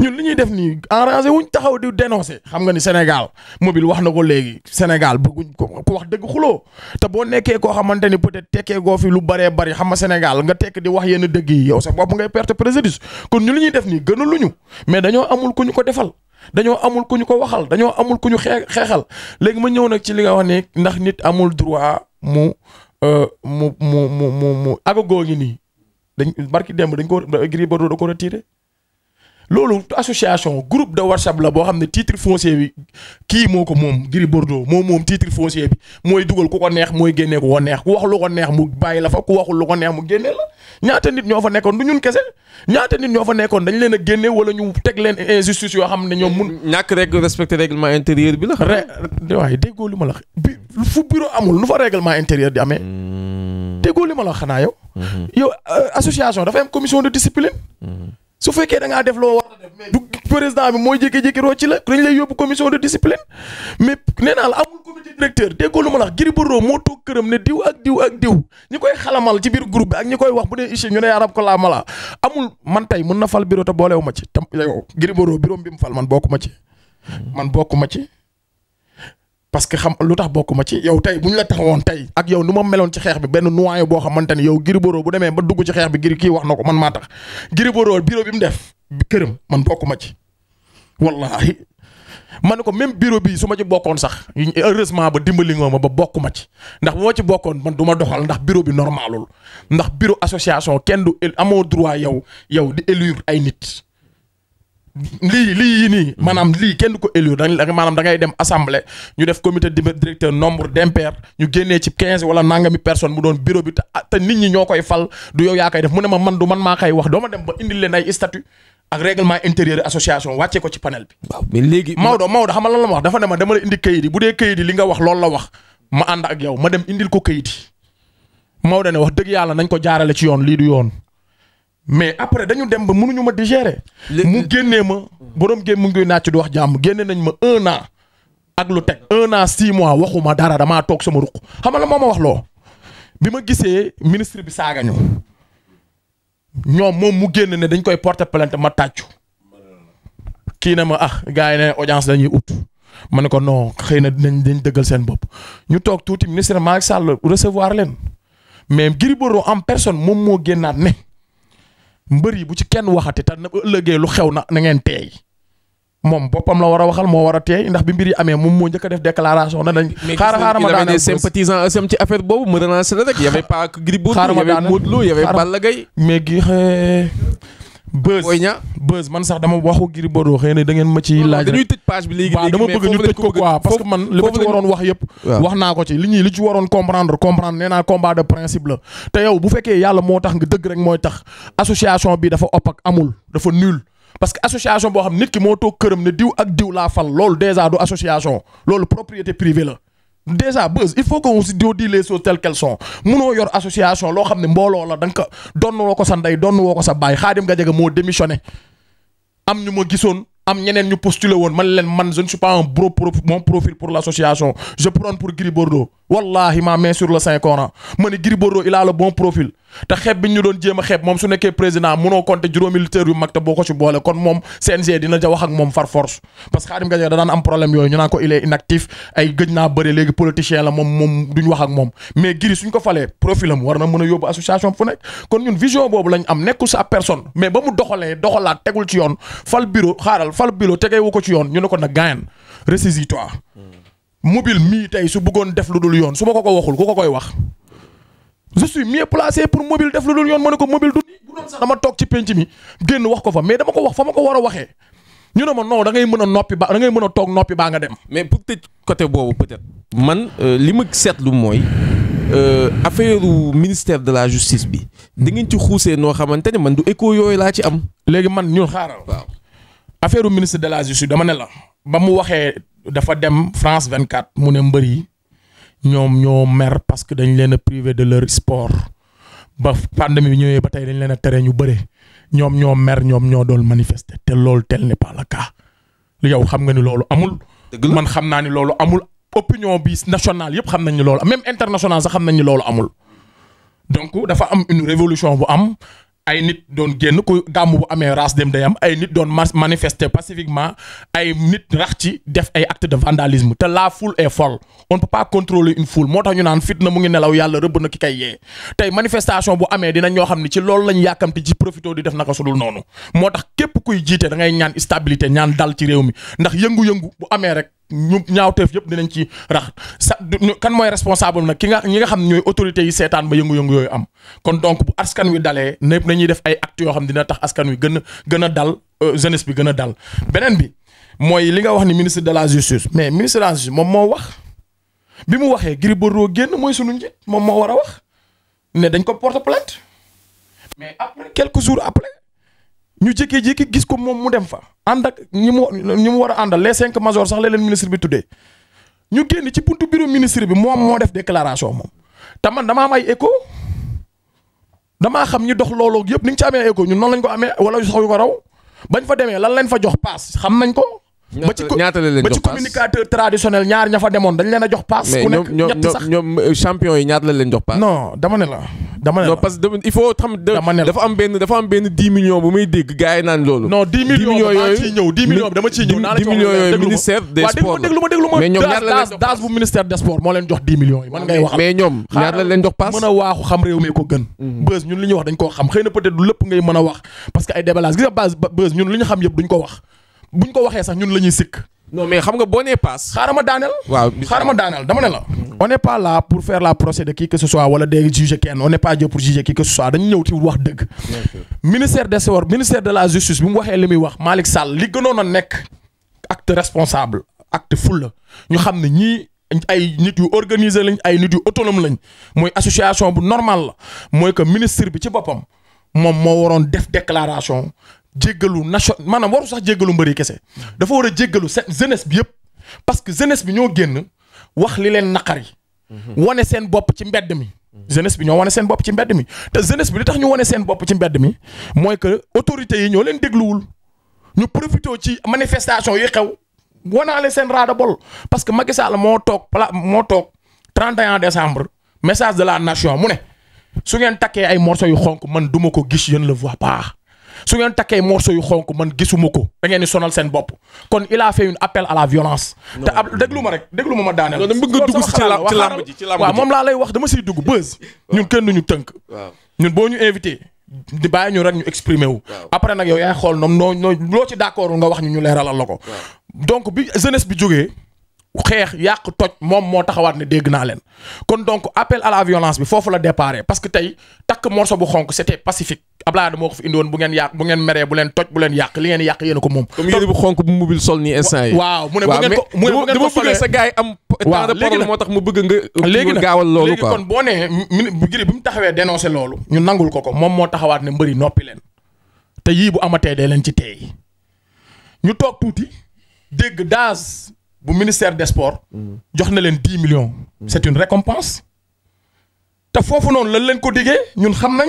ñun li ñuy def nii enrangé wuñ taxaw di dénoncer xam nga ni Sénégal mobile wax na ko léegi Sénégal bëgguñ ko ku wax dëgg xuloo te boo nekkee koo xamante ni peut-être tekkee goo fi lu bëree bari xam nga Sénégal nga tekk di wax yenn dëgg yi yow sa bopp ngay perte préjudice kon ñu li ñuy def nii ñu mais dañoo amul ku ñu ko defal dañoo amul ku ñu ko waxal dañoo amul ku ñu xee xeexal léegi ma ñëw nag ci li nga wax ne ndax nit amul droit mu Euh, mu mu mu mu mu Agogo ngi nii dañ barki démb dañ ko Gris Bordeaux da ko retiré loolu association groupe de whatsapp la boo xam ne titre foncier bi kii moo ko moom Gris Bordeaux moom moom titre foncier bi mooy dugal ku ko neex mooy génnee ku ko neex ku wax lu ko neex mu bàyyi la fa waxul lu ko neex mu génnee la ñaata nit ñoo fa nekkoon du ñun kese ñaata nit ñoo fa nekkoon dañ leen a génne wala ñu teg leen injustice yoo xam ne ñoom mun. ñàkk rek respecté règlement intérieur bi la. re waaye déggoo li ma la bi fu bureau amul lu fa réglement intérieur di amee. Hmm. déggoo li ma la xanaa yow. Hmm. yow euh, association dafa am commission de discipline. Hmm. su fekkee dangaa def loo war a def mais du président bi mooy jékki-jékki roo ci la dañ lay yóbbu commission de discipline mais nee naa la amul comité directeur déggoo lu ma la wax Gris Bordeaux moo toog këram ne diw ak diw ak diw ñi koy xalamal ci biir groupe bi ak ñi koy wax bu dee ici ñu ne arab ko laa mala amul man tey mun na fal bureau te boolewu ma ci tam yow Gris Bordeaux bureau bi mu fal man bokku ma ci man bokku ma ci parce que xam lu tax bokkuma ci yow tey bu ñu la taxawoon tey ak yow nu ma meloon ci xeex bi benn noyau boo xamante ni yow Gris Bordeaux bu demee ba dugg ci xeex bi Gris kii na ko man maa tax Gris Bordeaux bureau bi mu def këram man bokk ma ci wallahi man ko même bureau bi su ma ci bokkoon sax heureusement ba dimbali nga ma ba ma ci ndax bu ma ci bokkoon man du ma doxal ndax biro bi normalul ndax biro association kenn du amoo droit yow yow di élire ay nit lii lii yi nii mm-hmm. maanaam lii kenn ko élire dañ la maanaam da ngay dem assemblée ñu def comité directeur nombre d'impairs ñu génnee ci quinze wala nangami personne mu doon bureau bi te nit ñi ñoo koy fal du yow yaa koy def mu ne ma man du man maa koy wax doo dem ba indil leen ay statut ak règlement intérieur association wàcce ko ci panel bi. waaw mais léegi. Maodo Maodo xam ma wax dafa ne ma dama indi kayit yi bu dee kayit yi li nga wax loolu la wax ma ànd ak yow ma dem indil ko kayit yi Maodo ne wax dëgg yàlla nañ ko jaarale ci yoon lii du yoon. mais après dañu dem ba mënuñu ma digérer. mu génnee ma borom génn mu ngi naaj di wax jàmm génne nañ ma un an ak lu teg un an six mois waxuma dara damaa toog sama ruq xam nga la moo ma wax loo bi ma gisee ministre bi saagañu ñoom moom mu génn ne dañ koy porter plainte ma tàccu kii ne ma ah gars yi ne audience dañuy ut ma ne ko noo xëy na dinañ dañ dëggal seen bopp ñu toog tuuti ministre Macky Sall recevoir leen mais Gris Bordeaux am personne moom moo génnaat ne. mbër yi bu ci kenn waxati te na ëllëgee lu xew na na ngeen teey moom boppam la war a waxal moo war a teey ndax bi mbir yi amee moom moo jëkk def déclaration na dañ xaaral xaaral ma daaneel sympathisant asem euh, ci affaire boobu mu relancer rek y'avait pas Gris Bordeaux y'avait Modou Lô y'avait Balla Gaye mais gi buzz buzz man sax dama waxu Gris Bordeaux xëy na da ngeen ma ci laaj dañuy tëj page bi léegi léegi dama bëgg ñu tëj ko quoi parce que man li ma ci waroon wax yëpp wax naa ko ci li ñuy li ci waroon comprendre comprendre nee naa combat de principe la te yow bu fekkee yàlla moo tax nga dëgg rek mooy tax association bi dafa opp ak amul dafa nul parce que association boo xam nit ki moo toog këram ne diw ak diw laa fal loolu déjà du association loolu propriété privée la déjà buzz il faut que se dise les choses telles qu'elles sont munoo yor association loo xam ne mbooloo la da nga ko donn woo ko sa ndey donn woo ko sa baay Khadim Gadiaga moo démissionné am ñu ma gisoon am ñeneen ñu postulé woon man leen man je ne suis pas un bro pro mon profil pour l'association je prône pour Gris Bordeaux wallahi ma main sur le Saint Coran ma ne Gris Bordeaux il a bon profil te xeeb bi ñu doon jéem a xeeb moom su nekkee président munoo compter juróomi lutteurs yu mag te boo ko ci boole kon moom CNG dina ja wax ak moom far force parce que Khadim Gadiaga da daan am problème yooyu ñu naan ko il est inactif ay gëj naa bëre léegi politicien la moom moom duñ wax ak moom mais giri suñ ko falee profil am war na mën a yóbbu association fu nekk kon ñun vision boobu lañ am nekkul sa personne mais ba mu doxalee doxalaat tegul ci yoon fal bureau xaaral fal bureau tegeewu ko ci yoon ñu ne ko nag gaayan ressaisis-toi hmm. mobile mii tey su bëggoon def lu dul yoon su ma ko ko waxul ku ko koy wax je suis mieux placé pour mobile def lu dul yoon ma ne ko mobile du bu doon sax dama toog ci penc mi génn wax ko fa mais dama ko wax fa ma ko war a waxee ñu ne ma non da ngay mën a noppi ba da ngay mën a toog noppi baa nga dem. mais pour tëj côté boobu peut-être. man euh, li ma seetlu mooy euh, affaire ministère de la justice bi da ngeen ci xuusee noo xamante ne man du écho yooyu laa ci am. léegi man ñun xaaral. waaw affaire ministre de la justice dama ne la. ba mu waxee dafa dem France 24 mu ne mbër yi ñoom ñoo mer parce que dañ leen a privé de leur sport ba pandémie bi ñëwee ba tey dañ leen a tere ñu bëre ñoom ñoo mer ñoom ñoo doon manifester te loolu tel ni pas le cas yow xam nga ni loolu amul. man xam naa ni loolu amul. opinion bi nationale yëpp xam nañ ni loolu même international sax xam nañ ni loolu amul donc dafa am une révolution bu am ay nit doon génn ku gàmm bu amee race dem day am ay nit doon manifester pacifiquement ay nit rax ci def ay acte de vandalisme te la foule est folle on ne peut pas contrôler moo tax ñu naan fitna mu ngi nelaw yàlla rëbb na ki kay yee tey manifestation bu amee dina ñoo xam ne ci loolu lañ yàkkamte ci profité di def naka sudul noonu moo tax képp kuy jiite dangay ñaan stabilité ñaan dal ci réew mi ndax yëngu-yëngu bu amee rek ñu ñaawteef yëpp dinañ ci rax sa kan mooy responsable nag ki nga ñi nga xam ñooy autorités yi seetaan ba yëngu-yëngu yooyu am kon donc bu askan wi dalee népp nañuy def ay actes yoo xam dina tax askan wi gën a gën a dal euh, jeunesse bi gën a dal beneen bi mooy li nga wax ni ministre de la justice mais ministre de la justice moom moo wax bi mu waxee Gris Bordeaux génn mooy sunuñ njiit moom moo war a wax ne dañ ko porte plainte mais après quelque jour après ñu jékki-jékki gis ko moom mu dem fa ànd ak ñi mu ñi mu war a àndal les cinq major sax la leen ministre bi tuddee ñu génn ci puntu bureau ministre bi moom moo def déclaration moom te man damaa am ay écho damaa xam ñi dox looloo yëpp ni nga ci amee écho ñu noon lañ ko amee wala sax yu ko raw bañ fa demee lan lañ fa jox paas xam nañ ko ba ci communicateur traditionnel ñaar ña fa demoon dañ leen a jox paas. ku nekk ñett sax ñoom euh, champion yi ñaar la leen dafa am benn dafa millions bu muy dégg gars yi naan loolu. non dix millions dama ciy ñëw dix millions dama ciy ñëw. naa la ci wax dëgg lu ministère des moo leen jox dix millions yi man ngay wax. mais ñoom ñaar la leen jox paas. mën a waaxu xam réew mi ko gën. Mhm. bës ñun li ñu wax dañ koo xam xëy na peut du lépp ngay mën a wax parce que ay déballage gis nga base bës ñun li buñ ko waxee sax ñun la ñuy sikk. non mais xam nga boo nee paas. xaaral ma daaneel. waaw xaaral ma daaneel dama ne la. on n'est pas là pour faire la procès de qui que ce soit wala de juger kenn on n'est pas là pour juger qui que ce soit dañu ñëw ci wax dëgg. ministère des Sports ministère de la justice bi mu waxee li muy wax Malick Sall li gënoon a nekk acte responsable acte fulla ñu xam ne ñii ay nit yu organisé lañ ay nit yu autonome lañ mooy association bu normal la mooy que ministre bi ci boppam moom moo waroon def déclaration jéggalu nation maanaam waru sax jéggalu mbari kese dafa war a jéggalu seen jeunesse bi yëpp parce que jeunesse bi ñoo génn wax li leen naqari. wane seen bopp ci mbedd mi. jeunesse bi ñoo wane seen bopp ci mbedd mi te jeunesse bi li tax ñu wane seen bopp ci mbedd mi mooy que autorité yi ñoo leen dégluwul ñu profité ci manifestation yi xew wanaale seen raada bol parce que Macky Sall moo toog pla moo toog en décembre message de la nation mu ne su ngeen takkee ay morceaux yu xonk man duma ko gis je ne le vois pas. su ngeen takkee morceau yu xonk man gisuma ko da ngeen sonal seen bopp kon il a fait un appel à la violence. te ab déglu ma rek déglu ma ma daaneel. loolu bëgg nga dugg ci làmb ci moom laa lay wax dama siy dugg buzz. ñun kenn duñu tënk. ñun boo ñu invité. di bàyyi ñu rek ñu exprimer wu. après nag yow yaay xool noonu noo loo ci d'accord nga wax ñu ñu leeralal la ko. donc bi jeunesse bi jógee xeex yàq toj moom moo taxawaat ne dégg naa leen kon donc appel à la violence bi foofu la départ parce que tey takk morceau bu xonk c'était pacifique Abdoulaye Wade moo ko fi indiwoon bu ngeen yàq bu ngeen meree bu leen toj bu leen yàq li ngeen yàq yéen a ko moom. moo nga. léegi nag gaawal loolu quoi léegi kon mu taxawee dénoncé loolu. ñu nangul ko ko moom moo taxawaat ne mbëri noppi leen te yii bu amatee dee leen ci teey ñu toog tuuti dégg daas bu ministère des sports. jox na leen dix millions. c'est une récompense. te foofu noonu lañ leen ko diggee ñun xam nañ.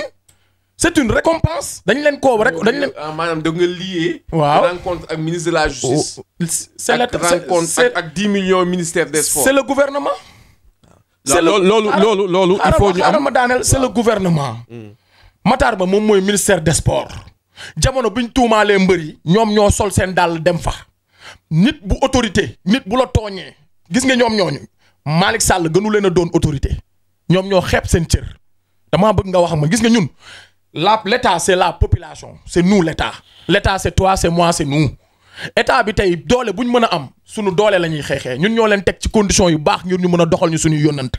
c'est une récompense. dañ leen koo rek dañ leen. Ah, maanaam da nga lié. waaw rencontre ak ministre de la justice. Oh, oh, c'est la rencontre ak dix ministère des sports. c'est le gouvernement. c'est le loolu loolu loolu il faut ñu ma daaneel c'est le gouvernement. Hmm. Matar Ba moom mooy ministère des sports. jamono bi ñu tuumaalee mbër yi. ñoom ñoo sol seen daal dem fa. nit bu autorité nit bu la tooñee gis nga ñoom ñooñu Malick Sall gënu leen a doon autorité ñoom ñoo xeeb seen cër damaa bëgg nga waxam ma gis nga ñun la l' état c' la population c' est nous l' état trois état mois est toi état bi tey doole bu mën a am suñu doole la ñuy xeexee ñun ñoo leen teg ci condition yu baax ngir ñu mën a doxal ñu suñu yónnante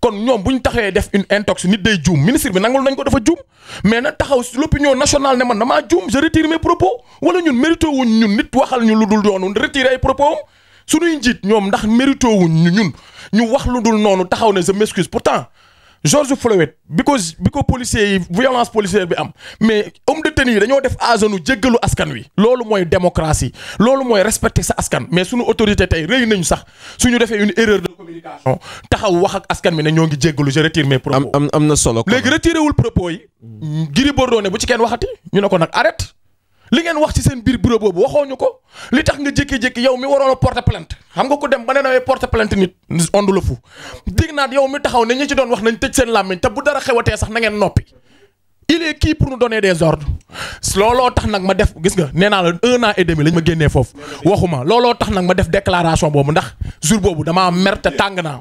kon ñoom bu ñu taxawee def une intox nit day juum ministre bi nangul nañ ko dafa juum mais na taxaw si l'opinion national ne man damaa juum je retire mes propos wala ñun mérité wuñ ñun nit waxal ñu lu dul doonu retirer ay propos am suñuy njiit ñoom ndax mérité wuñ ñu ñun ñu wax lu dul noonu taxaw ne je m'excuse pourtant George Floyd bi ko bi ko policiers yi violence policière bi am mais homme de tenue yi dañoo def agenu jéggalu askan wi loolu mooy démocratie loolu mooy respecter sa askan mais suñu autorité tey rëy nañu sax suñu defee une erreur de taxaw wax ak askan wi ne ñoo ngi jéggalu je retire mes pour am am na solo léegi retiré wul propos yi. Mm. Gris Bordeaux ne bu ci kenn waxati ñu ne ko nag arrête. li ngeen wax ci seen biir bureau boobu waxoo ñu ko li tax nga jékki-jékki yow mi waroon a porter plainte xam nga ko dem ba ne nawee porter nit ondu la fu dégg naa yow mi taxaw ne ñu ci doon wax nañ tëj seen làmmiñ te bu dara xewatee sax na ngeen noppi il est kii pour nous donner des ordres looloo tax nag ma def gis nga nee naa la un an et demi lañ ma génnee foofu waxuma looloo tax nag ma def déclaration boobu ndax jour boobu damaa mer te tàng naa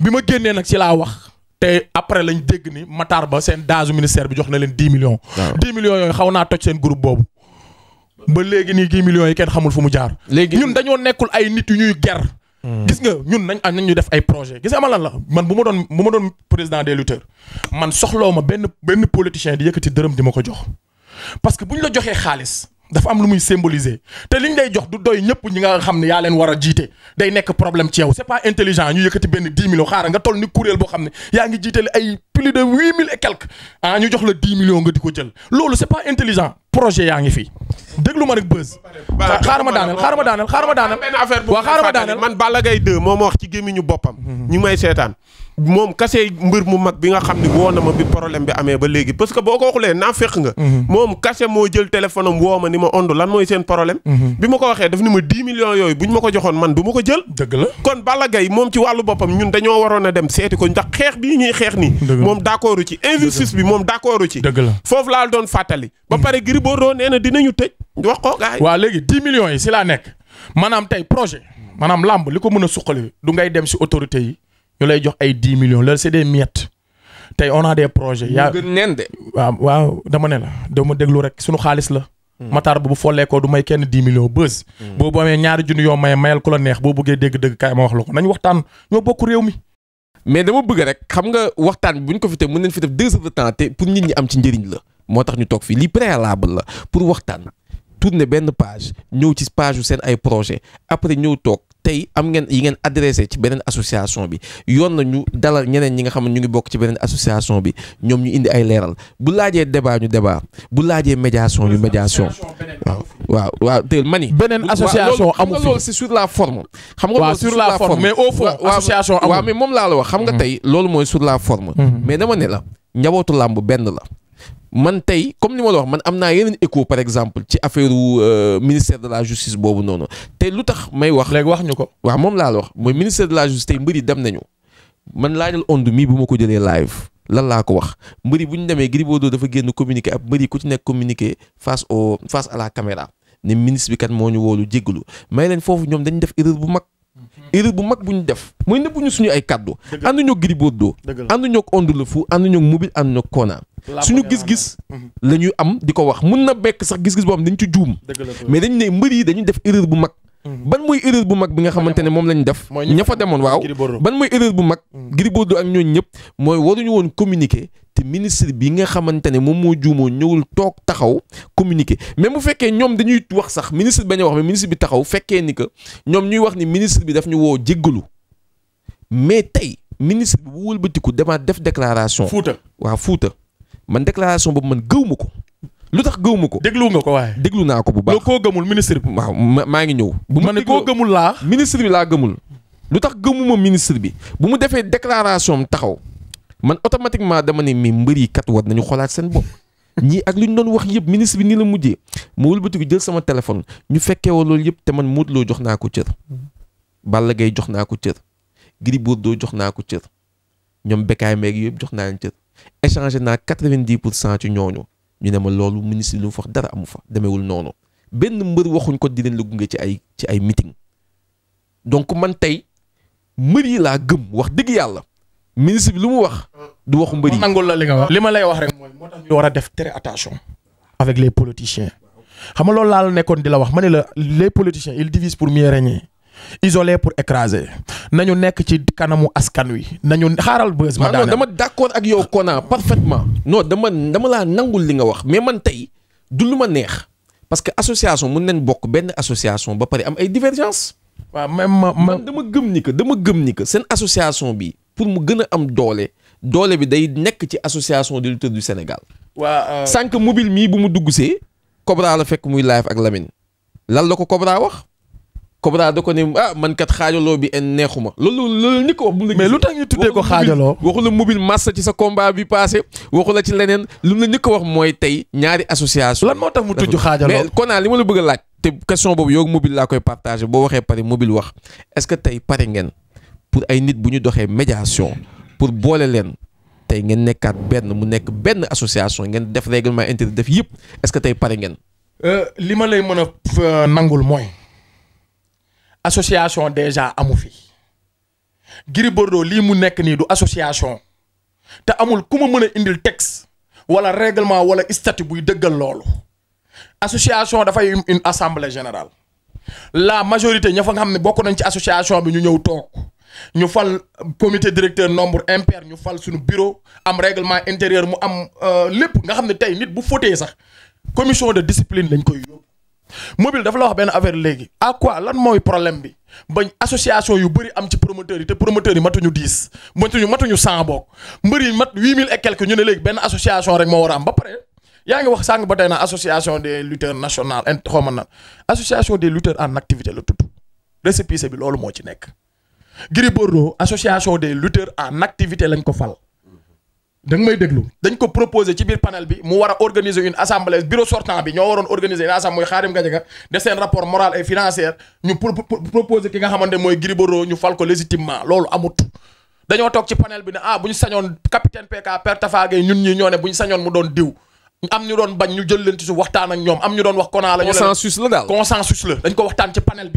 b ma génnee nag ci laa wax te après lañ dégg ni Matar ba seen jox na leen 10 millions 10 millions yooyu xaw naa toj seen groupe ba léegi nii kii million yi kenn xamul fu mu jaar. léegi ñun dañoo nekkul ay nit yu ñuy ger. Hmm. gis nga ñun nañ nañ ñu def ay projet gis nga lan la man bu ma doon bu ma doon président des lutteurs man soxloo ma benn benn politicien di yëkkati dërëm di ma ko jox parce que bu ñu la joxee xaalis dafa am lu muy symboliser te ñu lay jox du doy ñëpp ñu nga xam ne yaa leen war a jiite day nekk problème ci yow c'est pas intelligent ñu yëkkati benn dix millions xaaral nga toll ni kuréel boo xam ne yaa ngi jiitale ay plus de huit mille et quelques ah ñu jox la dix millions nga di ko jël loolu c'est pas intelligent projet yaa ngi fi déglu ma rek bës. xaaral ma daaneel xaaral ma daaneel xaaral ma daaneel. waaw xaaral ma daaneel man Balla Gaye 2 moo ma wax ci gémmiñu ñu may seetaan. moom kase mbir mu mag bi nga xam ne woo na ma bi problème bi amee ba léegi parce que boo ko waxulee naa fekk nga mhm. moom kase moo jël téléphone am ma ni ma Onde lan mooy seen problème mhm. bi ma ko waxee daf ni ma 10 millions yooyu bu ma ko joxoon man du ko jël dëgg kon Balla Gaye moom ci boppam ñun dañoo waroon a dem seeti ko ndax xeex bii ñuy xeex nii moom d'accordu ci injustice bi moom d'accordu ci dëgg la foofu laa doon fàttali ba pare mhm. Gris Bordeaux nee na dinañu tëj wax ko gars yi waaw millions yi si laa nekk maanaam tey projet maanaam làmb li ko mën a suqali du ngay dem si autorité yi ñu lay jox ay dix millions loolu c'est des miettes tey on a des projet yaa neen de. waaw dama ne la dama déglu rek sunu xaalis la. Hmm. Matar bu follee du may kenn dix millions bës. Hmm. boo bu amee ñaari junni yoo may mayal ku la neex boo bëggee dégg-dëgg kaay ma wax la ko nañ waxtaan ñoo bokk réew mi. mais dama bëgg rek xam nga waxtaan bi bu ñu ko fi teg mën nañ fi def deux heures temps te pour nit ñi am ci njëriñ la moo tax ñu toog fii lii préalable la pour waxtaan tourner benn page ñëw ci page yu seen ay projet après ñëw toog tey am ngeen yi ngeen adressé ci beneen association bi yoon na ñu dalal ñeneen ñi nga xam ne ñu ngi bokk ci beneen association bi ñoom ñu indi ay leeral bu laajee débat ñu débat bu laajee médiation ñu médiation waaw waaw waaw teel mani beneen association amu fi loolu c'est la forme xam nga sur la mais au fond association amu mais moom laa la wax xam nga mm-hmm. tey loolu mooy sur la forme mm-hmm. mais dama ne la njabootu làmb benn la man tey comme li ma la wax man am naa yeneen écho par exemple ci affaire euh, ministère de la justice boobu noonu te lu tax may wax. léegi wax ñu ko. waa moom laa la wax mooy ministère de la justice tey mbir dem nañu man laajal onde mii bu ma ko jëlee live lan laa ko wax mbëri bu ñu demee Gris Bordeaux dafa génn communiqué ab mbir yi ku ci nekk communiqué face au face à la caméra ne ministre bi kat moo ñu woolu jéggalu may leen foofu ñoom dañ def erreur bu mag. erreur bu mag bu ñu def mooy ñu suñu ay kàddu ànduñu Gris Bordeaux ànduñu ak Onde le Fou ànduñu ak Mobile ànduñu ak Kona suñu gis-gis mhm. la ñuy am di ko wax mun na bekk sax gis-gis boo xam dañ ci juum mais dañ ne mbër yi dañu def erreur bu mag mhm. ban mooy erreur bu mag bi nga xamante ne moom lañ def ña fa demoon waaw ban mooy erreur bu mag mhm. Gris Bordeaux ak ñooñu ñëpp mooy waruñu woon communiquer te ministre bi nga xamante ne moom moo juumoo ñëwul toog taxaw communiqué mais bu fekkee ñoom dañuy wax sax ministre bañ a wax mais ministre bi taxaw fekkee ni que ñoom ñuy wax ni ministre bi daf ñu woo jéggalu mais tey ministre bi bu wëlbatiku dama def déclaration. Fuuta waaw Fuuta man déclaration boobu man gëw ma ko. lu tax gëw ma ko. déglu nga ko waaye. déglu naa ko bu baax loo koo gëmul ministre bi. waaw maa ngi ñëw. bu ma ne koo gëmul laa. ministre bi laa gëmul. lu tax gëmuma ministre bi bu mu defee déclaration taxaw. man automatiquement dama ne mi mbër yi kat war nañu xoolaat seen bopp ñii ak li ñu doon wax yëpp ministre bi nii la mujjee ma wëlbatiku jël sama téléphone ñu fekkee wa loolu yëpp te man Modou Lo jox naa ko cër Balla Gaye jox naa ko cër Gris Bordeaux jox naa ko cër ñoom Bécaye meeg yëpp jox naa échangé naa quatre vingt pour cent ci ñooñu ñu ne ma loolu ministre lu mu wax dara amu fa demewul noonu benn mbër waxuñ ko di leen la gunge ci ay ci ay meeting donc man tey mbër yi laa gëm wax dëgg yàlla ministre bi lu mu wax. du waxu mbëri yi nangul la li nga wax li ma lay wax rek mooy moo tax ñu war a def très attention. avec les politiciens. xam nga loolu laa la nekkoon di la wax ma ne la les politiciens ils divisent pour mieux régner isolés pour écraser nañu nekk ci kanamu askan wi nañu xaaral bës. ma daanaka dama d'accord ak yow Kona parfaitement non dama dama laa nangul li nga wax mais man tey du lu ma neex parce que association mun nañ bokk benn association ba pare am ay divergence waaw même ma man dama gëm ni dama gëm ni seen association bi. pour mu gën a am doole doole bi day nekk ci association des lutteurs du Sénégal. waa euh, sànq mobile mii bu mu dugg see. Cobra la fekk muy live ak Lamine. lan la ko Cobra wax. Cobra da ko ne ah man xaajaloo bi en neexuma loolu loolu ñu ko wax. bu la mais lu tax ñu tuddee ko xaajaloo waxu la mobile massa ci sa combat bi passé waxu la ci leneen lu la ñu wax mooy tey ñaari association. lan moo tax mu tudd xaajaloo mais kon naa li ma la bëgg a laaj. te question boobu boo waxee pare mobile wax est-ce que tey pour ay nit bu ñu doxee médiation pour boole leen tey ngeen nekkaat benn mu nekk benn association ngeen def règlement intérieur def yëpp est que tey pare ngeen. Euh, li ma lay mën a euh, nangul mooy association déjà amu fi Gris Bordeaux lii mu nekk nii du association te amul ku ma mën a indil texte wala règlement wala statut buy dëggal loolu association dafay une assemblée générale la majorité ña fa nga xam ne bokk nañ ci association bi ñu ñëw toog. ñu fal comité directeur nombre impair ñu fal suñu bureau am réglement intérieur mu am euh, lépp nga xam ne tey nit bu fóotee sax commission de discipline lañ koy yóbbu mobile dafa la wax benn affaire léegi à quoi lan mooy problème bi bañ association yu bëri am ci promoteurs yi te promoteurs yi matuñu dix matuñu matuñu cent boog mbër yi mat huit mille et quelques ñu ne léegi benn association rek moo war am ba pare yaa ngi wax sàng ba tey naa association des lutteurs nationales xaw ma na association des lutteurs en activité la tudd récépissé bi loolu moo ci nekk. Gris Bordeaux association des lutteurs en activité lañ ko fal. da nga may déglu dañ ko proposé ci biir panel bi mu war a organiser une assemblée bureau sortant bi ñoo waroon organiser une assemblée mooy Khadim Gadiaga de seen rapport moral et financier ñu proposer ki nga xamante mooy Gris Bordeaux ñu fal ko légitimement loolu amut. dañoo toog ci panel bi ne ah bu ñu sañoon capitaine PK Père Tafa Gueye ñun ñi ñoo ne bu ñu sañoon mu doon ñu doon bañ ñu jël leen ci ak ñoom ñu doon wax. konaa la ñu leen consensus la daal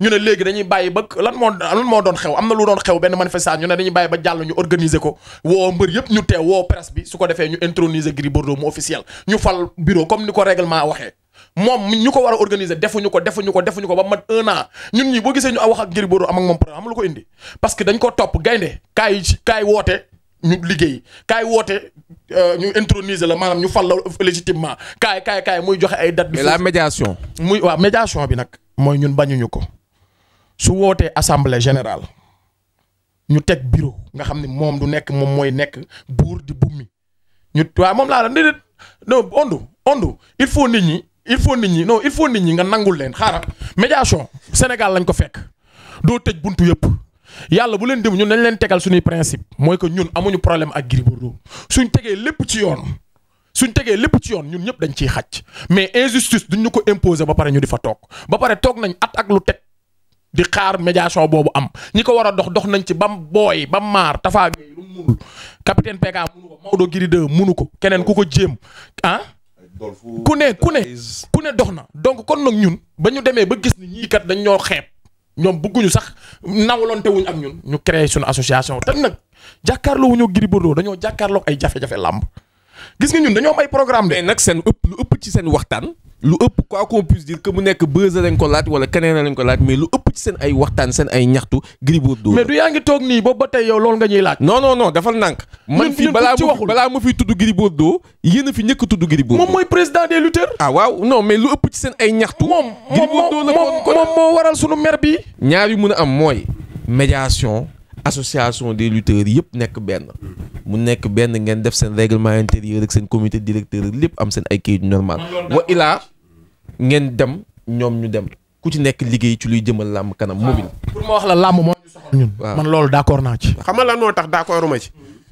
ñu ne léegi dañuy bàyyi ba lan moo lan moo doon xew am na lu doon xew benn manifestation ñu ne dañuy bàyyi ba jàll ñu organiser ko woo mbër yëpp ñu teew woo presse bi su ko defee ñu introniser Gris Bordeaux mu officiel ñu fal bureau ni ko règlement waxee moom ñu ko war a organiser ko defuñu ko defuñu ko ba mat un an ñun ñi gisee ñu ak Gris Bordeaux am ak ko indi parce que dañ ko topp gaynde kaay kaay woote ñu liggéey kaay woote euh, ñu introniser la maanaam ñu fal la légitimement kaay kaay kaay muy joxe ay date bi la médiation muy waaw médiation bi nag mooy ñun bañuñu ko su wootee assemblée général ñu teg bureau nga xam ne moom du nekk moom mooy nekk buur di mi ñu waaw moom laa la déedéet non ondu ondu il faut nit ñi il faut nit ñi non il faut nit ñi nga nangul leen xaaral médiation Sénégal lañ ko fekk doo tëj buntu yëpp yàlla bu leen dem ñun nañ leen tegal suñuy principe mooy que ñun amuñu problème ak Gris Bordeaux suñ tegee lépp ci yoon suñ tegee lépp ci yoon ñun ñëpp dañ ciy xaj mais injustice duñ ñu ko imposer ba pare ñu di fa toog ba pare toog nañ at ak lu teg. di xaar médiation boobu am ñi ko war a dox dox nañ ci bam booy bam maar Tafa Gueye lu mu munul capitaine PK munu ko Maodo Giri 2 munu ko keneen ku ko jéem ah. ku ne ku ne ku ne dox na donc kon nag ñun ba ñu demee ba gis ni ñii kat dañ ñoo xeeb ñoom bëgguñu sax nawlonte ak ñun ñu créer suñu association te nag jàkkaarloo wuñoo Gris Bordeaux dañoo jàkkaarloog ay jafe-jafe làmb gis nga ñun dañoo ay programme de. nag seen ëpp lu ëpp ci seen waxtaan. lu ëpp quoi qu'on puisse dire que mu nekk buzz lañ ko laaj wala keneen lañ ko laaj mais lu ëpp ci seen ay waxtaan seen ay ñaxtu Gris mais du yaa ngi toog nii boobu ba tey yow loolu nga ñuy laaj non no non dafal nànk man fii balaa ma balaa tudd Gris Bordeaux yéen a fi ñëkk tudd Gris Bordeaux moom mooy président des lutteurs ah waaw no mais lu ëpp ci seen ay ñaxtu moom Gris Bordeaux la moom moo waral sunu mer bi ñaar yu mën a am mooy médiation association des lutteurs yëpp nekk benn mu nekk benn ngeen def seen règlement intérieur ak seen comité directeur ak lépp am seen ay kayit normal wa ilaa ngeen dem ñoom ñu dem ku ci nekk liggéey ci luy jëmal làmb kanam mobile wax la làmb moo ñu soxal ñun man loolu d'accord naa ci xam nga lan moo tax d'accorduma ci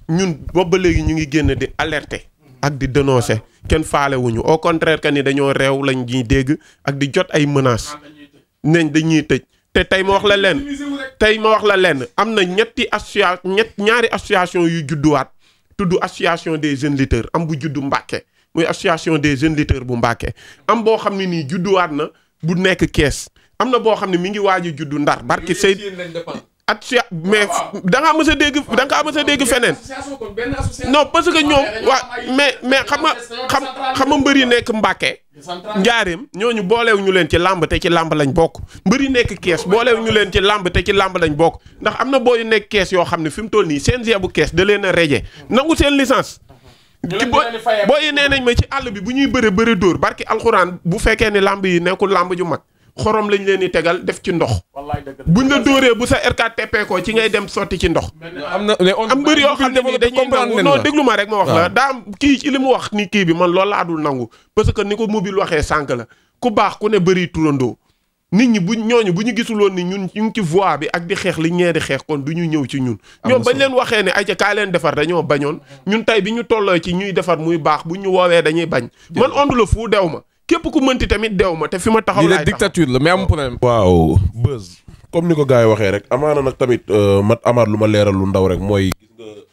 ñun boobu ba léegi ñu ngi génn di alerte ak di dénoncer kenn faale wuñu au contraire que ni dañoo réew lañ ñuy dégg ak di jot ay menaces ah, nañ dañuy tëj te tey ma wax la lenn tey ma wax la lenn am na ñetti associa ñett ñaari association yu judduwaat tudd association des jeunes lutteurs am bu juddu Mbàkke muy association des jeunes lutteurs bu Mbàkke am boo xam ne nii judduwaat na bu nekk kees am na boo xam ne mi ngi waaj a juddu ndar barki Seyd associa mais ah, danga ngaa mës a dégg ah, da ngaa mës dégg feneen non parce que ñoom ah, waa mais mais xama nga xam xam nga nekk Mbàkke njaareem ñooñu boolewuñu leen ci làmb te ci làmb lañ bokk mbëri nekk kees boolewuñu leen ci làmb te ci làmb lañ bokk ndax am na booyu nekk kees yoo xam ne fi mu toll nii CNG bu kees da leen a reje nangu seen licence ci booyi nee nañ ma ci àll bi bu ñuy bëre bëre dóor barki alxuraan bu fekkee ni làmb yi nekkul làmb ju mag xorom lañ leen di tegal def ci ndox. buñ la dóoree bu sa RKTP teppeekoo ci ngay dem sotti ci ndox. am na am bëri yoo xam ne nii dañuy nangu non déglu ma rek ma wax la ah. li mu wax ni kii bi man loolu laa dul nangu. parce que ni ko mobile waxee sànq la ku baax ku ne bëri turandoo nit ñi bu ñooñu bu ñu gisuloon ni ñun ñu ci voie bi ak di xeex li ñee di xeex kon du ñu ñëw ci ñun. ñoom bañ leen waxee ne ay ca kaa leen defar dañoo bañoon. ñun tey bi ñu tolloo ci ñuy defar muy baax bu ñu woowee dañuy bañ. man ondu la Fou dew ma képp ku mënti tamit dew ma te fi ma taxaw. laay taxaw dictature la mais am problème. waaw comme ni ko gars yi waxee rek amaana nag tamit euh, mat amaat lu ma leeral lu ndaw rek mooy.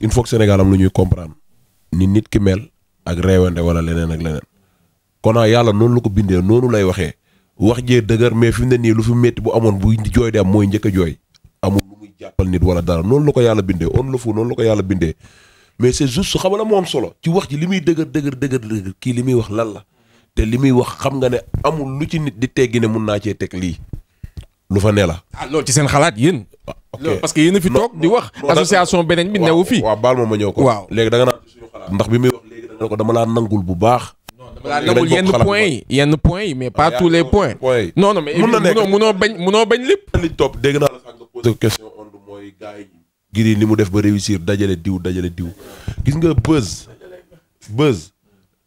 il faut que am lu ñuy comprendre. ni nit ki mel ak reewante wala leneen ak leneen. kon yàlla noonu la ko bindee noonu lay waxee. wax jee dëgër mais fi mu nii lu fi métti bu amoon bu jooy de am mooy njëkk jooy. amul lu muy nit wala dara noonu la ko yàlla bindee on la fu noonu la ko yàlla bindee mais c'est juste xamala moo am solo ci wax ji li muy dëgër dëgër dëgër dëgër kii li muy wax lan la te li muy wax xam nga ne amul lu ci nit di teggi ne mun naa cee teg lii lu fa ne la. ah loolu ci seen xalaat yéen. Ah, parce que yéen fi toog di wax. association beneen bi newu fi waaw baal ma ma ko. waaw léegi da nga naan suñu ndax bi muy wax ko dama laa nangul bu baax. dama laa nangul yenn points yi yenn points yi mais pas ah, tous les points. non non mais munoo munoo bañ munoo bañ lépp. li topp dégg naa la sax nga posé question mooy gars yi. ngir ni mu def ba réussir dajale diw dajale diw gis nga buzz buzz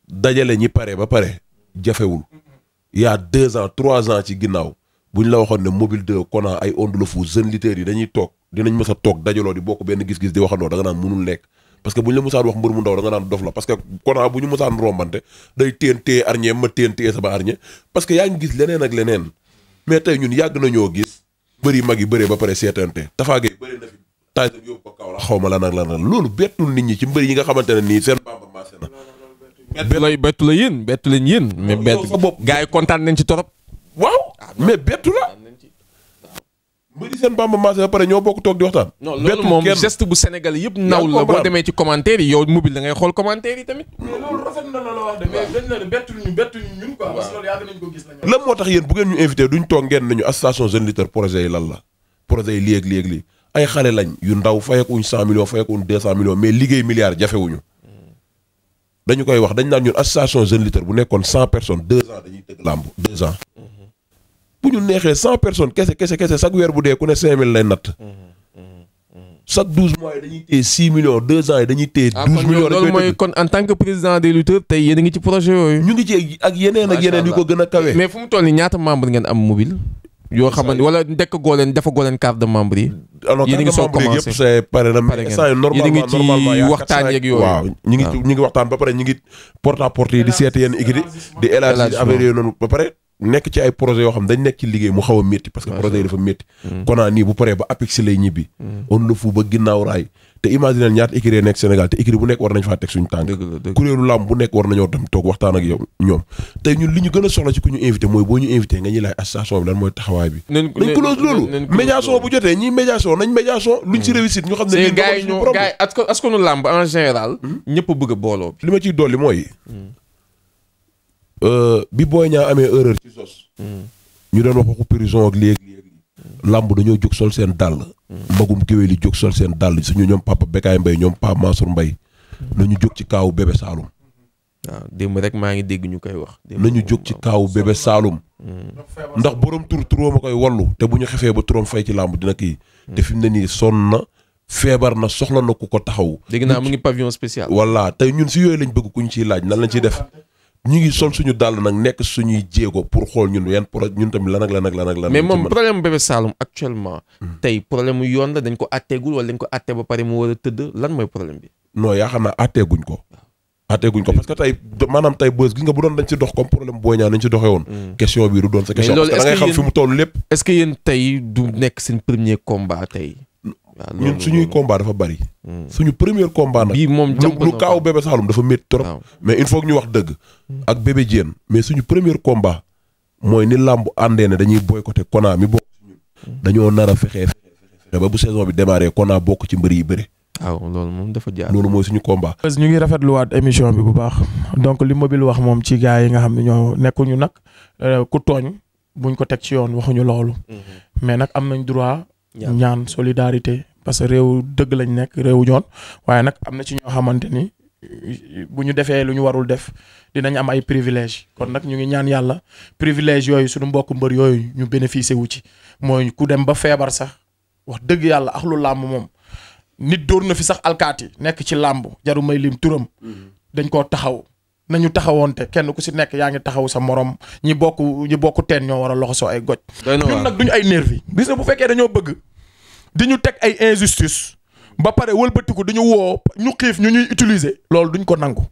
dajale ñi pare ba pare jafewul il a deux ans trois ans ci ginnaaw bu ñu la waxoon ne mobile de Kona ay Onde le Fou jeunes lutteurs yi dañuy toog dinañ mës a toog dajaloo di bokk benn gis-gis di waxandoo da nga naan mënul nekk parce que bu ñu la mësaan wax mbër mu ndaw da nga naan dof la parce que bu ñu mësaan rombante day téen téye ma téen téye sama arñe yaa ngi gis leneen ak leneen mais tey ñun yàgg nañoo gis bëri mag yi bëree ba pare seetante tafaagay bëree na fi taay yóbbu ko la xaw ma loolu bettul nit ñi ci mbëri yi nga xamante ne nii seen bamba maase na bettu la bettu la yéen bettu lañ yéen. mais bettu gars yi kontaan nañ ci torop waaw mais bettu la. mbëri seen bamba maase ba pare ñoo bokk toog di waxtaan. non loolu moom geste bu Sénégal yëpp naw la boo demee ci commentaire yi yow mobile da ngay xool commentaire yi tamit. mais loolu rafet na la wax de mais dañ la bettu bettu tax yéen bu ngeen ñu invité duñ toog ngeen nañu association jeune la projet yi lii ak lii ak lii ay xale lañ yu ndaw fayekuñ 100 millions fayekuñ 200 millions liggéey milliards jafewuñu dañu koy wax dañ naan ñun association jeune lutteur bu nekkoon cent personnes deux ans dañuy tëgg làmb deux ans bu ñu neexee cent personnes kese kese kese chaque weer bu dee ku ne cinq mille yi deux ans yi dañuy téye ah, douze mooy kon en tant que président des lutteurs tey yéen ngi ci projet ñu ngi ci ak yeneen ak yeneen yu ko gën a kawe mais fu mu toll nii ñaata membre ngeen am mobile yoo xamante wala ndekk goo leen dafa goo leen carte de membre yi. a ngi soo commencé yëpp pare na mais instant yi waxtaan yeeg yooyu. waaw ah. ngi waxtaan ba pare ñu ngi porte à yi di seet yenn équipe di ah. élargir affaire yooyu ba pare. nekk ci ay projets yoo xam dañ nekk ci liggéey mu xaw a métti parce que projet yi dafa métti. Hmm. kon nii bu paree ba APEX lay ñibbi. Hmm. on fu ba ginnaaw raay te imaginer ñaat écurie nekk Sénégal te écurie bu nekk war nañ faa teg suñu tànk kuréelu làmb bu nekk war nañoo dem toog waxtaan ak yow ñoom tey ñun li ñu gën a soxla ci ku ñu invité mooy boo ñu invité nga ñuy laaj association bu jotee ñi médiation nañ médiation luñ si hmm. réussite ñu xam ne lii en général hmm? ñëpp bëgg booloo bi ciy dolli mooy hmm. euh, bi booy ñaa amee erreur ci sos ñu doon wax waxu prison ak léegi làmb dañoo jóg sol seen dàll mbagum géwél yi jóg sol seen dàll suñu ñoom papa bekkaay mbay ñoom papa mbay Mbaye nañu jóg ci kaawu bébé Saloum. waaw démb rek maa ngi dégg ñu koy wax. nañu jóg ci kaawu bébé Saloum. Mm. ndax borom tur turóom a koy wallu te bu ñu xefee ba turóom fay ci làmb dina kii. te fi mu ne nii sonn na feebar na soxla na ku ko taxaw. dégg naa mu ngi pavillon spécial. voilà tey ñun si yooyu lañ bëgg ku ciy laaj nan lañ ciy def. ñu ngi sol suñu dàll nag nekk suñuy jéego pour xool ñun yan pro ñun tamit lan ak lan ak lan ak lan. mais moom problème Bébé Saloum actuellement. Hmm. tey problème yoon la dañ ko àtteegul wala dañ ko àttee ba pare mu war a tëdd lan mooy problème bi. non yaa xam ne àtteeguñ ko. àtteeguñ ah. ko parce que tey maanaam tey bës gi nga bu doon dañ ci dox comme problème booy ñaan nañ ci doxee woon. Hmm. question bi du doon sa question. parce que da ngay xam fi mu toll lépp. est-ce tey du nekk seen premier combat tey. ñun suñuy combat dafa bari. Hmm. suñu premier combat nag. bii moom lu kaaw bébé Saloum dafa métti trop. mais il faut que ñu wax dëgg. Hmm. ak bébé Diène mais suñu premier combat. mooy ni làmb àndee na dañuy booy boycotté Kona mi bokk. Hmm. dañoo nar a fexee ba bu saison bi démarré Kona bokk ci mbër yi bëri. waaw loolu moom dafa jaar loolu mooy suñu combat. ñu ngi rafetluwaat émission bi bu baax donc li mobile wax moom ci gars yi nga xam ne ñoo nekkuñu nag euh, ku tooñ buñ ko teg ci yoon waxuñu loolu. mais nag am nañ droit. ñaan solidarité. parce que réew dëgg lañu nekk réewu yoon waaye nag am na ci ñoo xamante ni bu ñu defee lu ñu warul def dinañ am ay privilège kon nag ñu ngi ñaan yàlla privilège yooyu suñu mbokk mbër yooyu ñu bénéficier wu ci mooy ku dem ba feebar sax wax dëgg yàlla axlu làmb moom nit dóor na fi sax alkaati nekk ci làmb jaru may lim turam mm-hmm. dañ koo taxaw nañu taxawoonte kenn ku si nekk yaa ngi taxaw sa morom ñi bokk ñi bokk teen ñoo war a loxo ay goj ñun nag duñu ay di ñu teg ay injustice ba pare wëlbatiku di ñu woo ñu xiif ñu ñuy utiliser loolu duñ ko nangu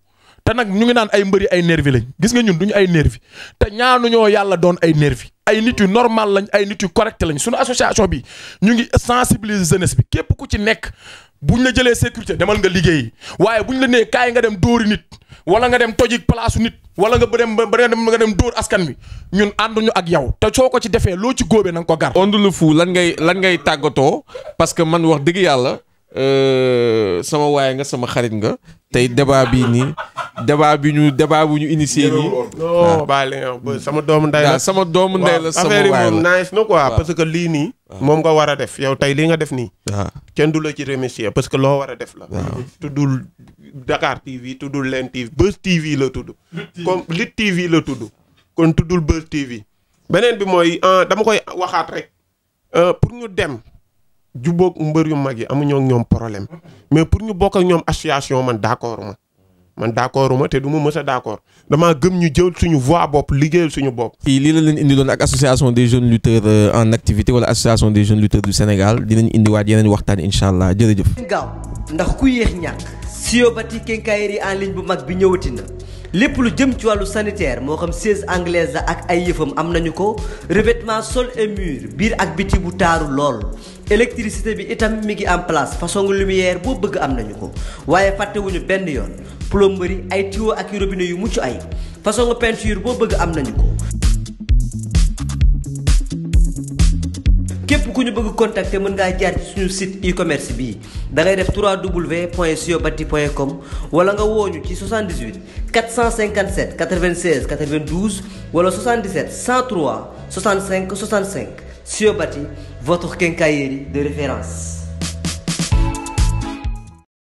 te nag ñu ngi naan ay mbëri ay nervi lañ gis nga ñun duñu ay nervi te ñaanuñoo yàlla doon ay nervi ay nit yu normal lañ ay nit yu correct lañ suñu association bi ñu ngi sensibiliser jeunesse bi képp ku ci nekk bu ñu la jëlee sécurité demal nga liggéey waaye buñ la nee kaay nga dem dóori nit wala nga dem toji palaasu nit wala nga dem ba nga dem dóor askan wi ñun ànduñu ak yow te soo ko ci defee loo ci góobee na ko gar. Onde le Fou lan ngay lan ngay tàggatoo parce que man wax dëgg yàlla euh, sama waay nga sama xarit nga tey débat bii nii. débat bi ñu débat bu ñu initié nii. non ah. baal na sama doomu ndey la ah, sama doomu ndey la sama waay la affaire yi moom nice na quoi ah. parce que lii nii. moom nga war a def yow tey lii nga def nii. waaw kenn du la ci remercier parce que loo war a def la. waaw tuddul Dakar TV tuddul Len TV Buzz TV la tudd. comme Lit TV la tudd. kon tuddul Buzz TV. beneen bi mooy dama koy waxaat rek. pour ñu dem. jubboog mbër yu mag yi amuñoo ak ñoom problème mais pour ñu bokk ak ñoom association man d'accord ma. man d'accorduma te du ma mës a d'accord damaa gëm ñu jël suñu voix bopp liggéeyal suñu bopp. lii la leen indiloon doon ak association des jeunes lutteurs euh, en activité wala association des jeunes lutteurs du Sénégal dinañ indiwaat yeneen waxtaan incha allah jërëjëf. gaaw ndax ku yéex ñàkk. Siobati Kenkayeri en ligne bu mag bi ñëwati na. lépp lu jëm ci wàllu sanitaire moo xam siège anglaise la ak ay yëfam am nañu ko revêtement sol et mur biir ak biti bu taaru lool électricité bi itam mi ngi en place façon lumière boo bëgg am nañu ko waaye fàttewuñu benn yoon plomberie ay tuyaux ak robinet yu mucc ay façon peinture boo bëgg am nañu ko képp ku ñu bëgg contacter mën ngaa jaar ci suñu site e-commerce bii da ngay def 3w point siobati point com wala nga wooñu ci 78 457 96 92 wala 77 103 65 65 siobati votre quincaillerie de référence